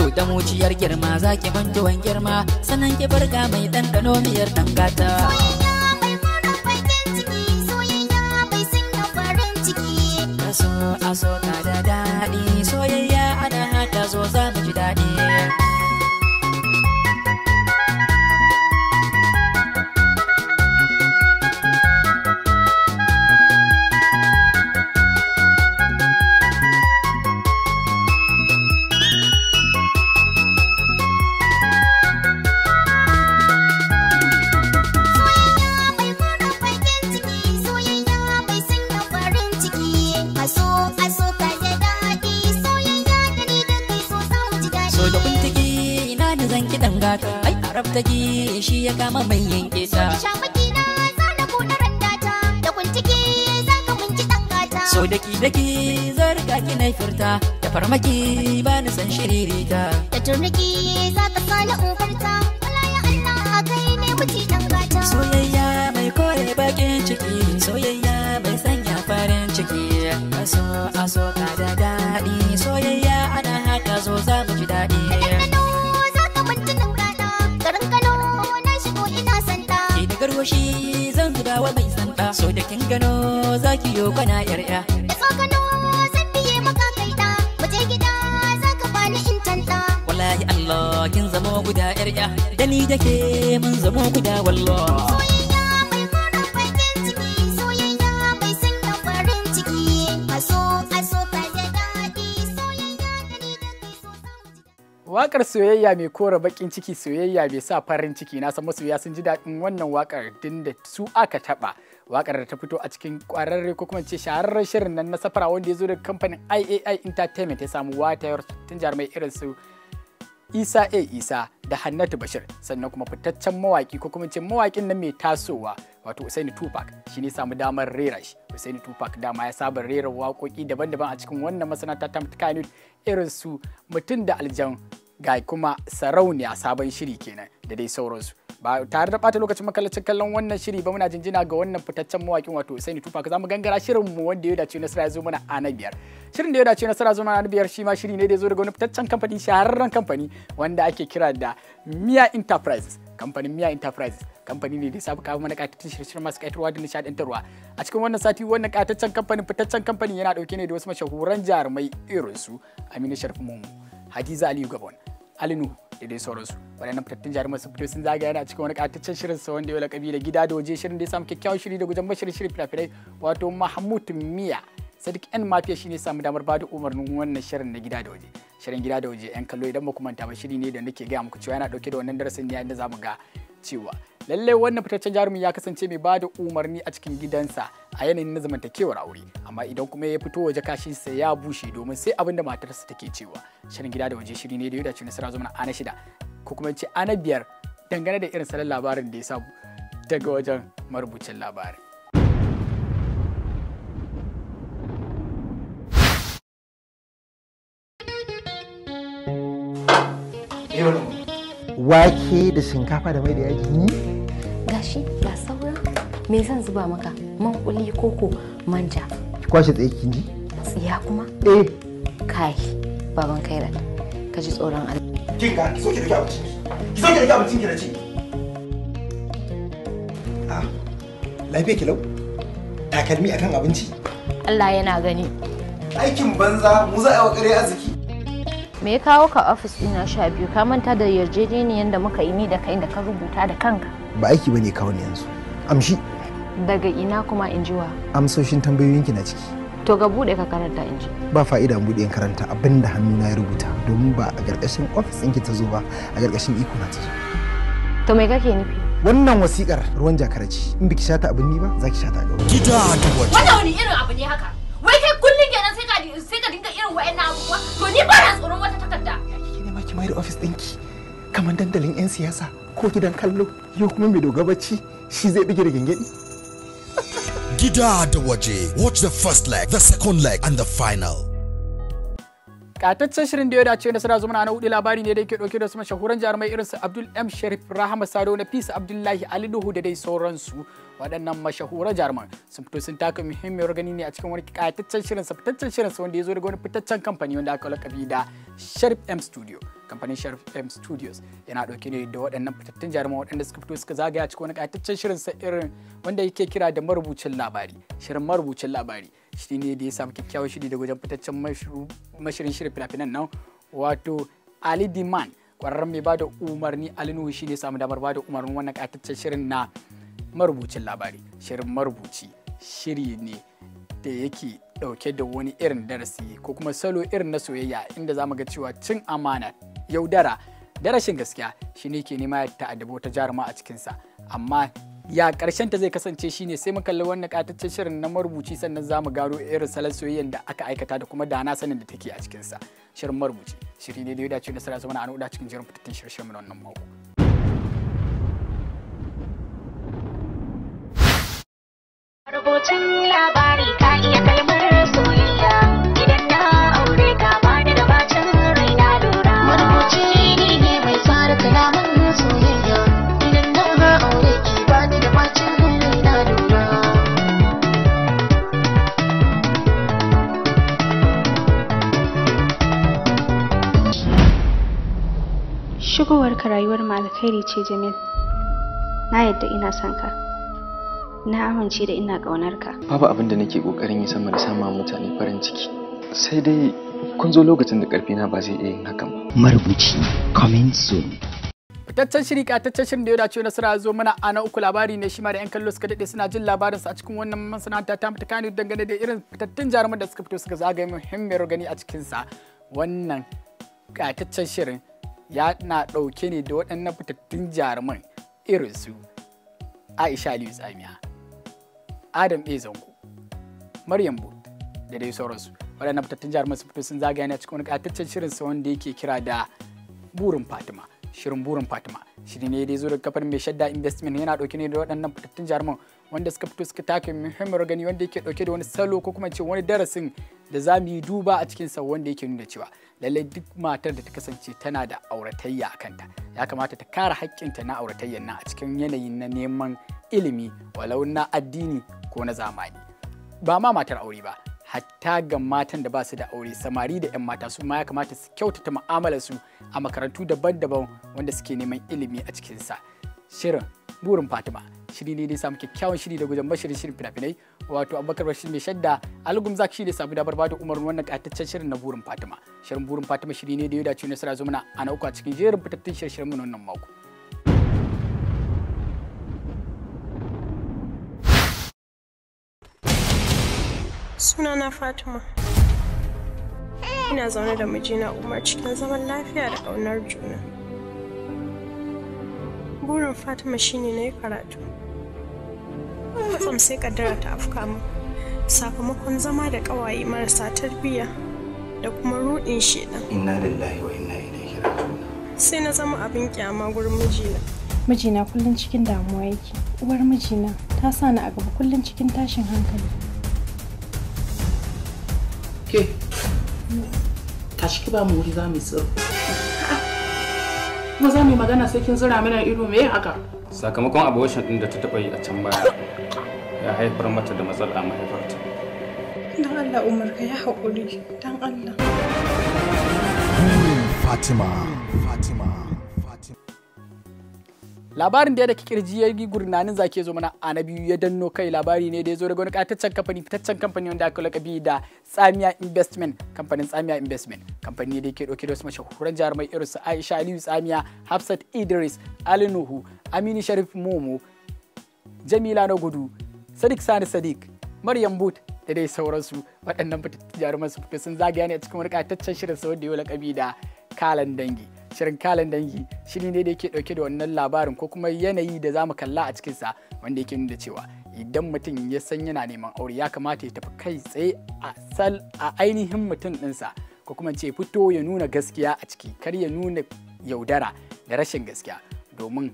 bauta wuciyar girma za ki bantuwan girma sannan ki barga mai ɗanɗano miyar ɗangata. Soyayya bai mara farin ciki, soyayya bai sun farin ciki. Asu, aso, kada, daɗi, soyayya, ana, ta, zo, za, ma mai yanke sa shamaki na za na buɗe randata da kuntiki za ka munci tangata so daki daki za riga ki na furta da farmaki ba ni san shiririta da turniki za ka sani in gawa mai zanda so da kin gano zaki yo kana yarya so gano zan biye maka kai ta mu je gida zaka bani in tanta wallahi Allah kin zamo guda yarya da ni dake mun zamo guda wallahi
Wakar soyayya mai kora bakin ciki soyayya mai sa farin ciki na san masoya sun ji daɗin wannan wakar din da su aka taɓa. Wakar da ta fito a cikin ƙwararre ko kuma ce shahararren shirin nan na safara wanda ya zo daga kamfanin IAI Entertainment ya samu watayar tun jarumai irin su Isa A Isa da Hannatu Bashir sannan kuma fitaccen mawaki ko kuma ce mawakin nan mai tasowa wato Usaini Tupac shi ne samu damar rera shi Usaini Tupac dama ya saba rera waƙoƙi daban-daban a cikin wannan masana ta Kanut irin su mutum da aljan ga kuma sarauniya sabon shiri kenan da dai sauransu ba tare da bata lokacin makalacin kallon wannan shiri ba muna jinjina ga wannan fitaccen mawakin wato Usaini Tupac zamu gangara shirin mu wanda ya dace nasara ya zo mana a na biyar shirin da ya dace nasara zo mana na biyar shi ma shiri ne da ya zo daga wani fitaccen kamfani shahararren kamfani wanda ake kira da Mia Enterprises kamfanin Mia Enterprises kamfani ne da ya saba kawo mana katacin shirye shiryen masu kaitarwa da nishadantarwa a cikin wannan sati wannan katacen kamfanin fitaccen kamfanin yana dauke ne da wasu mashahuran jarumai irin su Aminu Sharif Mumu Hadiza Aliyu Gabon alinu da dai sauransu waɗannan fitattun jarumar sun fito sun zagaya yana cikin wani kataccen shirin sa wanda ya lakabi da gida da waje shirin da ya samu kyakkyawan shiri da gujen bashirin shirin fina wato mahmud miya sadiq yan mafiya shine ya samu damar bada umarnin wannan shirin na gida da waje shirin gida da waje yan kallo idan ba ku manta ba shiri ne da nake gaya muku cewa yana dauke da wannan darasin ne yadda mu ga cewa lallai wannan fitaccen jarumin ya kasance mai bada umarni a cikin gidansa a yanayin na zamantakewar aure amma idan kuma ya fito waje kashin sa ya bushe domin sai abin da matarsa take cewa shirin gida da waje shiri ne da ya dace nasara zuwa ana shida ko kuma ce ana biyar dangane da irin salon labarin da ya sa daga wajen marubucin labarin
wake da shinkafa da mai da ne?
gashi ga saura me zan zuba maka man kuli koko manja ki
kwashe tsaye kin ji
tsiya kuma eh kai baban kai da ka ji tsoron Allah kin ga ki so ki rike abincin ki so
ki
rike abincin ki da ci ah lafiya ki lau takalmi akan abinci
Allah yana gani
aikin banza mu za a yi wa kare arziki
me ya kawo ka ofis ɗina sha biyu ka manta da yarjejeniyar da muka yi ni da kai da ka rubuta da kanka
ba aiki bane kawo ne yanzu amshi
daga ina kuma in jiwa
amsoshin tambayoyinki na ciki
to ga bude ka karanta in ji ba
fa'ida bude in karanta abinda hannu na ya rubuta domin ba a gargashin ofis ɗinki ta zo ba a gargashin iko na ta zo to me kake nufi wannan wasikar ruwan jakar ce in biki shata abin ni ba zaki shata
ga gida ta waje wannan
wani irin abu ne haka wai kai kullun kenan sai ka sai ka dinga irin wa'annan abubuwa to ni ba na tsoron wata takarda
ya kike ne ma ki mai da ofis ɗinki kamar dandalin 'yan siyasa ko gidan kallo yau kuma mai dogabaci shi zai bige da gengedi
gida da waje watch the first leg the second leg and the final
Kataccen shirin da ya dace na sara zuma na hudu labari ne da yake dauke da su mashahuran jarumai irinsu Abdul M Sharif Rahama Sado na Fisa Abdullahi Ali Nuhu da dai sauransu. Waɗannan mashahuran jaruman sun fito sun taka muhimmiyar gani ne a cikin wani kataccen shirin sa fitaccen shirin sa wanda ya zo daga wani fitaccen kamfani wanda aka lakabi da Sharif M Studio. Kamfanin Sharif M Studios yana dauke ne da waɗannan fitattun jaruman waɗanda suka fito suka zagaya cikin wani kataccen shirin sa irin wanda yake kira da marubucin labari. Shirin marubucin labari. shi ne da ya samu kyakkyawan shiri da wajen fitaccen mashirin shirin fina-finan nan wato ali diman kwararren mai bada umarni ali shi ne samu damar bada umarnin wannan katacce shirin na marubucin labari shirin marubuci shiri ne da yake dauke da wani irin darasi ko kuma salo irin na soyayya inda za mu ga cewa cin amana yaudara da rashin gaskiya ne ke nema ya adabo ta jaruma a cikinsa amma ya karshen ta zai kasance shine sai mu kalli wannan katacce shirin na marubuci sannan za mu gano irin salon soyayyar da aka aikata da kuma dana sanin da take a cikin sa shirin marubuci shiri ne da ya dace da sarasa mana an cikin jirin fitattun shirin mu wannan mako
labari ka iya kalmar soyayya idan na aure ka bani da bacin raina lura. Marubuci ne mai fara kalamu
shigowarka rayuwar mu alkhairi ce jamil na yadda ina son ka na amince da ina
ƙaunar ka babu abin da nake ƙoƙarin yi sama da sama mutane farin ciki sai dai kun zo lokacin da karfi na ba zai iya yin hakan ba marubuci coming soon fitaccen shiri kataccen shirin da ya dace sura zo mana a na uku labari ne shi ma da yan kallo suka dade suna jin labarinsa a cikin wannan masana'anta ta mata kanu dangane da irin fitattun jaruman da suka fito suka zagaye muhimmiyar gani a cikinsa wannan kataccen shirin ya na ɗauke ne da waɗannan fitattun jaruman irin su aisha aliyu tsamiya adam a zango maryam bot da dai sauransu waɗannan fitattun jaruman su fito sun zagaya ne cikin wani ƙataccen shirin sa wanda yake kira da burin fatima shirin burin fatima shirin ne dai zo da kafar mai shadda investment yana ɗauke ne da waɗannan fitattun jaruman wanda suka fito suka taka muhimmiyar gani wanda yake dauke da wani salo ko kuma ce wani darasin da za mu yi duba a cikin sa wanda yake nuna cewa lallai duk matar da ta kasance tana da auratayya a kanta ya kamata ta kare haƙƙinta na auratayyan na a cikin yanayin na neman ilimi walau na addini ko na zamani ba ma matar aure ba hatta ga matan da ba su da aure samari da 'yan mata su ma ya kamata su kyautata mu'amalar su a makarantu daban-daban wanda suke neman ilimi a cikinsa shirin burin fatima shiri ne da ya samu kyakkyawan shiri da gujen mashirin shirin fina-finai wato abubakar bashi mai shadda za zak shi ne samu damar bada umarnin wannan ƙataccen shirin na burin fatima shirin burin fatima shiri ne da ya dace nasara zumuna ana uku a cikin jerin fitattun shirin shiryen wannan mako.
sunana fatima ina zaune da mijina umar cikin zaman lafiya da ƙaunar juna burin fatima shine na yi karatu kwatsam sai kaddara ta afka mu sakamakon zama da ƙawaye marasa tarbiyya da kuma ruɗin shedan
inna lillahi wa inna ilaihi
raji'un sai na zama abin kyama gurin mijina mijina kullum cikin damuwa yake uwar mijina ta sa ni a gaba kullum cikin
tashin hankali ke tashi ki
ba mu wuri za mu tsiro
kuma za mu yi magana sai kin zira mana ido me haka
sakamakon abortion ɗin da ta taɓa yi a can baya ya haifar mata
da matsala a mahaifarta.
Don Allah Umar ka ya haƙuri don Allah.
Fatima. Fatima. labarin da ya daki kirji ya gurnanin zake zo mana a na biyu ya danno kai labari ne da ya zo daga wani kataccen kamfani fitaccen kamfani wanda aka lakabi da tsamiya investment kamfanin tsamiya investment kamfani da yake dauke da wasu mashahuran jarumai irin su aisha aliyu tsamiya hafsat idris ali nuhu aminu sharif momo jamila na gudu Sadiq Sani Sadiq, Maryam Boot da dai sauransu waɗannan jaruman su fito sun zagaya ne a cikin wani shirin sau da yau laƙabi da kalan dangi. Shirin kalan dangi shiri ne da yake ɗauke da wannan labarin ko kuma yanayi da za mu kalla a cikinsa wanda yake nuna cewa idan mutum ya san yana neman aure ya kamata ya tafi kai tsaye a a ainihin mutum ɗinsa ko kuma ce fito ya nuna gaskiya a ciki kar ya nuna yaudara da rashin gaskiya domin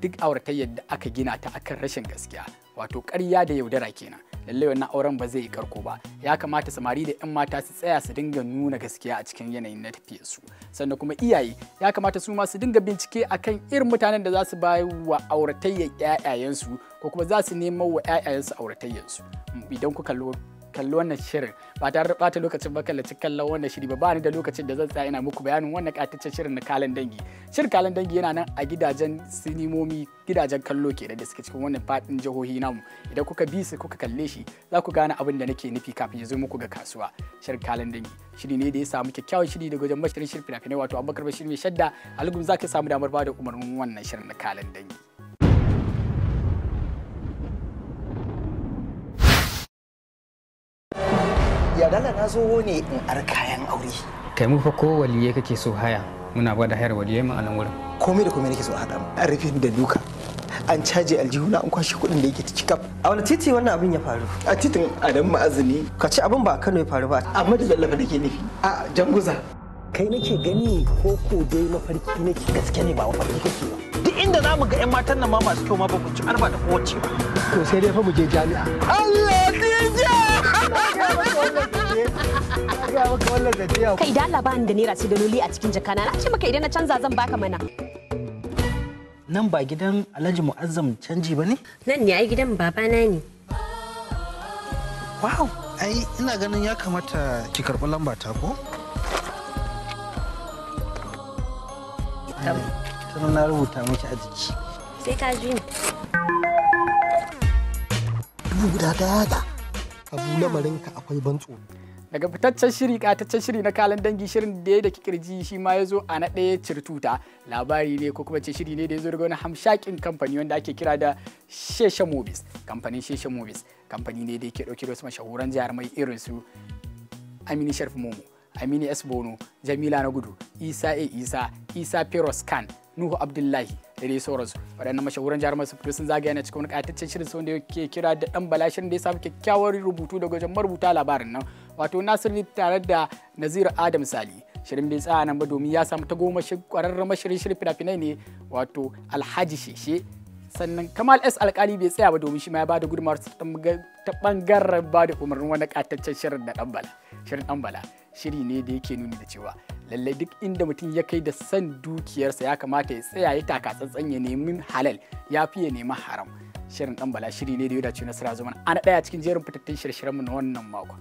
duk auratayyar da aka gina ta akan rashin gaskiya wato ƙarya da yaudara kenan lallai wannan auren ba zai yi karko ba ya kamata samari da 'yan mata su tsaya su dinga nuna gaskiya a cikin yanayin na tafiyarsu su sannan kuma iyaye ya kamata su ma su dinga bincike akan irin mutanen da za su bayi wa auratayyar 'ya'yayensu ko kuma za su nemo wa 'ya'yayensu auratayyarsu idan kuka kalli wannan shirin ba tare da bata lokacin ba kallaci kallon wannan shiri ba ba ni da lokacin da zan tsaya ina muku bayanin wannan katacce shirin na kalan dangi shirin kalan dangi yana nan a gidajen sinimomi gidajen kallo ke da suke cikin wannan fadin jihohi namu idan kuka bi su kuka kalle shi za ku gane abin da nake nufi kafin ya zo muku ga kasuwa shirin kalan dangi shiri ne da ya samu kyakkyawan shiri daga wajen mashirin shirin fina-finai wato abubakar bashir mai shadda algum za ka samu damar ba da umarnin wannan shirin na kalan dangi ya dala na zo ne in ar kayan aure kai mu fa ko waliye kake so haya muna ba da hayar waliye mu a nan wurin komai da komai nake so a haɗa mu an rufe da duka an caje aljihuna an kwashe kuɗin da yake ciki kaf a wani titi wannan abin ya faru a titin adam ma'azini ka ci abin ba a kano ya faru ba amma da zallafa nake nufi a
janguza kai nake gani ko ko dai mafarki nake gaske ne ba mafarki kake ba duk inda zamu ga yan matan nan ma masu kyau ma ba ku ci arba da kowace ba to sai dai fa mu je jami'a
Allah Ga maka wannan gajiya. Kai
da Allah bani da naira sai da loli a cikin jakana. Na ce maka idan na canza zan baka mana.
Nan ba gidan Alhaji Mu'azzam canji ba ne?
Nan ne ai gidan babana
ne.
Wow, ai ina ganin ya kamata ki karɓi lamba ta ko? Tunan na rubuta miki a
jiki. Sai ka ji ni. Dubu guda daya da. Abu lamarinka akwai ban tsoro. daga fitaccen shiri kataccen shiri na kalan dangi shirin da ya da kirji shi ma ya zo a na ɗaya cirtuta labari ne ko kuma ce shiri ne da ya zo daga wani hamshakin kamfani wanda ake kira da shesha movies kamfanin shesha movies kamfani ne da ke ɗauki da wasu mashahuran jarumai irin su amini sharif momo amini s bono jamila na gudu isa a isa isa feroz khan nuhu abdullahi da dai sauransu waɗannan mashahuran jarumar su fito sun zagaya na cikin wani ƙataccen shirin sun da ke kira da ɗan bala shirin da ya samu kyakkyawar rubutu daga wajen marubuta labarin nan wato Nasir tare da Nazir Adam Sali shirin bai tsaya nan ba domin ya samu tagomashin kwararren mashirin shirin fina-finai ne wato Alhaji Sheshe sannan Kamal S alkali bai tsaya ba domin shi ma ya bada gudunmawar ta bangaren da umarnin wani kataccen shirin da ɗanbala shirin ɗanbala shiri ne da yake nuni da cewa lallai duk inda mutum ya kai da san dukiyarsa ya kamata ya tsaya ya taka tsantsan ya nemi halal ya fi ya nemi haram shirin ɗanbala shiri ne da ya dace na zaman ana ɗaya cikin jerin fitattun shirye-shiryenmu na wannan makon.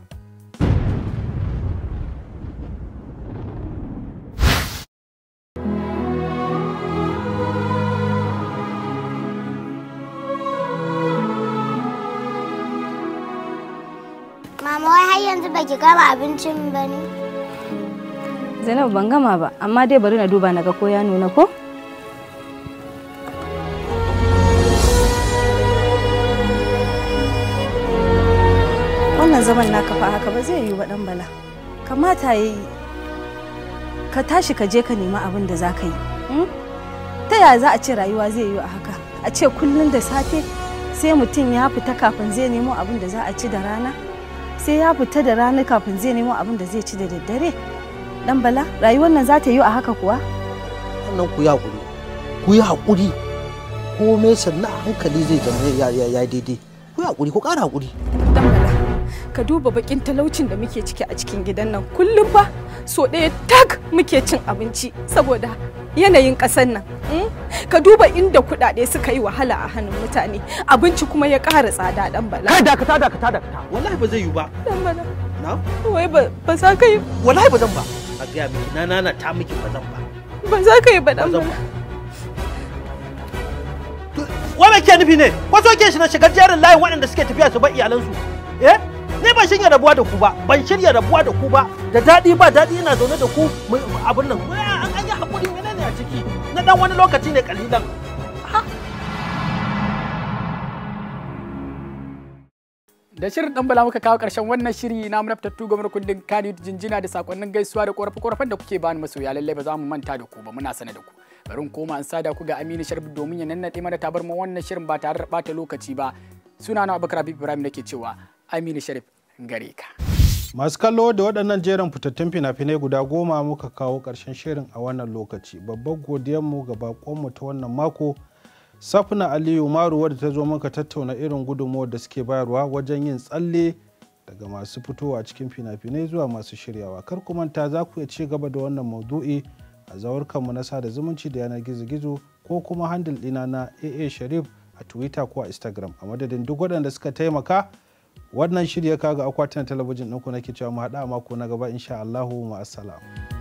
yanzu baki gama abincin ba ne?
zainab ban gama ba, amma dai bari na duba na ga ko ya nuna ko? Wannan zaman na kafa haka ba zai yi ba ɗan bala. Kamata ya yi ka tashi ka je ka nemi abin da za ka yi. Hmm? Ta yaya za a ce
rayuwa zai yi a haka? A ce kullum da safe sai mutum ya fita kafin zai nemo abin da za
a ci da rana? sai ya fita da rana kafin zai nemo abin da zai ci da daddare dan bala rayuwar nan za ta yi a haka kuwa
wannan ku yi hakuri ku yi hakuri komai sannan a hankali zai zama ya daidai ku yi hakuri ku ƙara hakuri
ka duba bakin talaucin da muke ciki a cikin gidan nan kullum fa so ɗaya tag muke cin abinci saboda yanayin ƙasar nan hmm? ka duba inda kuɗaɗe suka yi wahala a hannun mutane abinci kuma ya ƙara tsada dan bala kai dakata dakata dakata
wallahi ba zai yi ba
dan bala na wai ba ba za ka yi
wallahi ba zan ba a ga miki na nana ta miki ba zan ba ba za ka yi ba dan bala wa me ke nufi ne ko so ke shi na shigar jerin layin waɗanda suke tafiya su bar iyalansu eh ni ban shirya rabuwa da ku ba ban shirya rabuwa da ku ba da daɗi ba daɗi ina zaune da ku abin nan a ciki na dan wani lokaci ne kalilan
da shirin dan bala muka kawo karshen wannan shiri na munaftattu gwamnati kundin kani jinjina da sakonnin gaisuwa da korafi korafin da kuke ni masoya lallai ba za mu manta da ku ba muna sana da ku bari in koma an sada ku ga Aminu Sharbi domin ya nannade mana tabar mu wannan shirin ba tare da bata lokaci ba sunana Abubakar Habib Ibrahim nake cewa Aminu Sharif gare ka
masu kallo da waɗannan jerin fitattun fina-finai guda goma muka kawo ƙarshen shirin a wannan lokaci babbar mu ga baƙonmu ta wannan mako safna aliyu maru wadda ta zo muka tattauna irin gudunmuwar da suke bayarwa wajen yin tsalle daga masu fitowa cikin fina-finai zuwa masu shiryawa kar ku manta za ku iya ci gaba da wannan maudu'i a zawarkanmu na sada zumunci da yanar gizo-gizo ko kuma handle ɗina na aa sharif a twitter ko a instagram a madadin duk waɗanda suka taimaka wannan shirya kaga akwatin talabijin ɗinku ke cewa mu haɗa mako na gaba insha Allahu ma'assalam.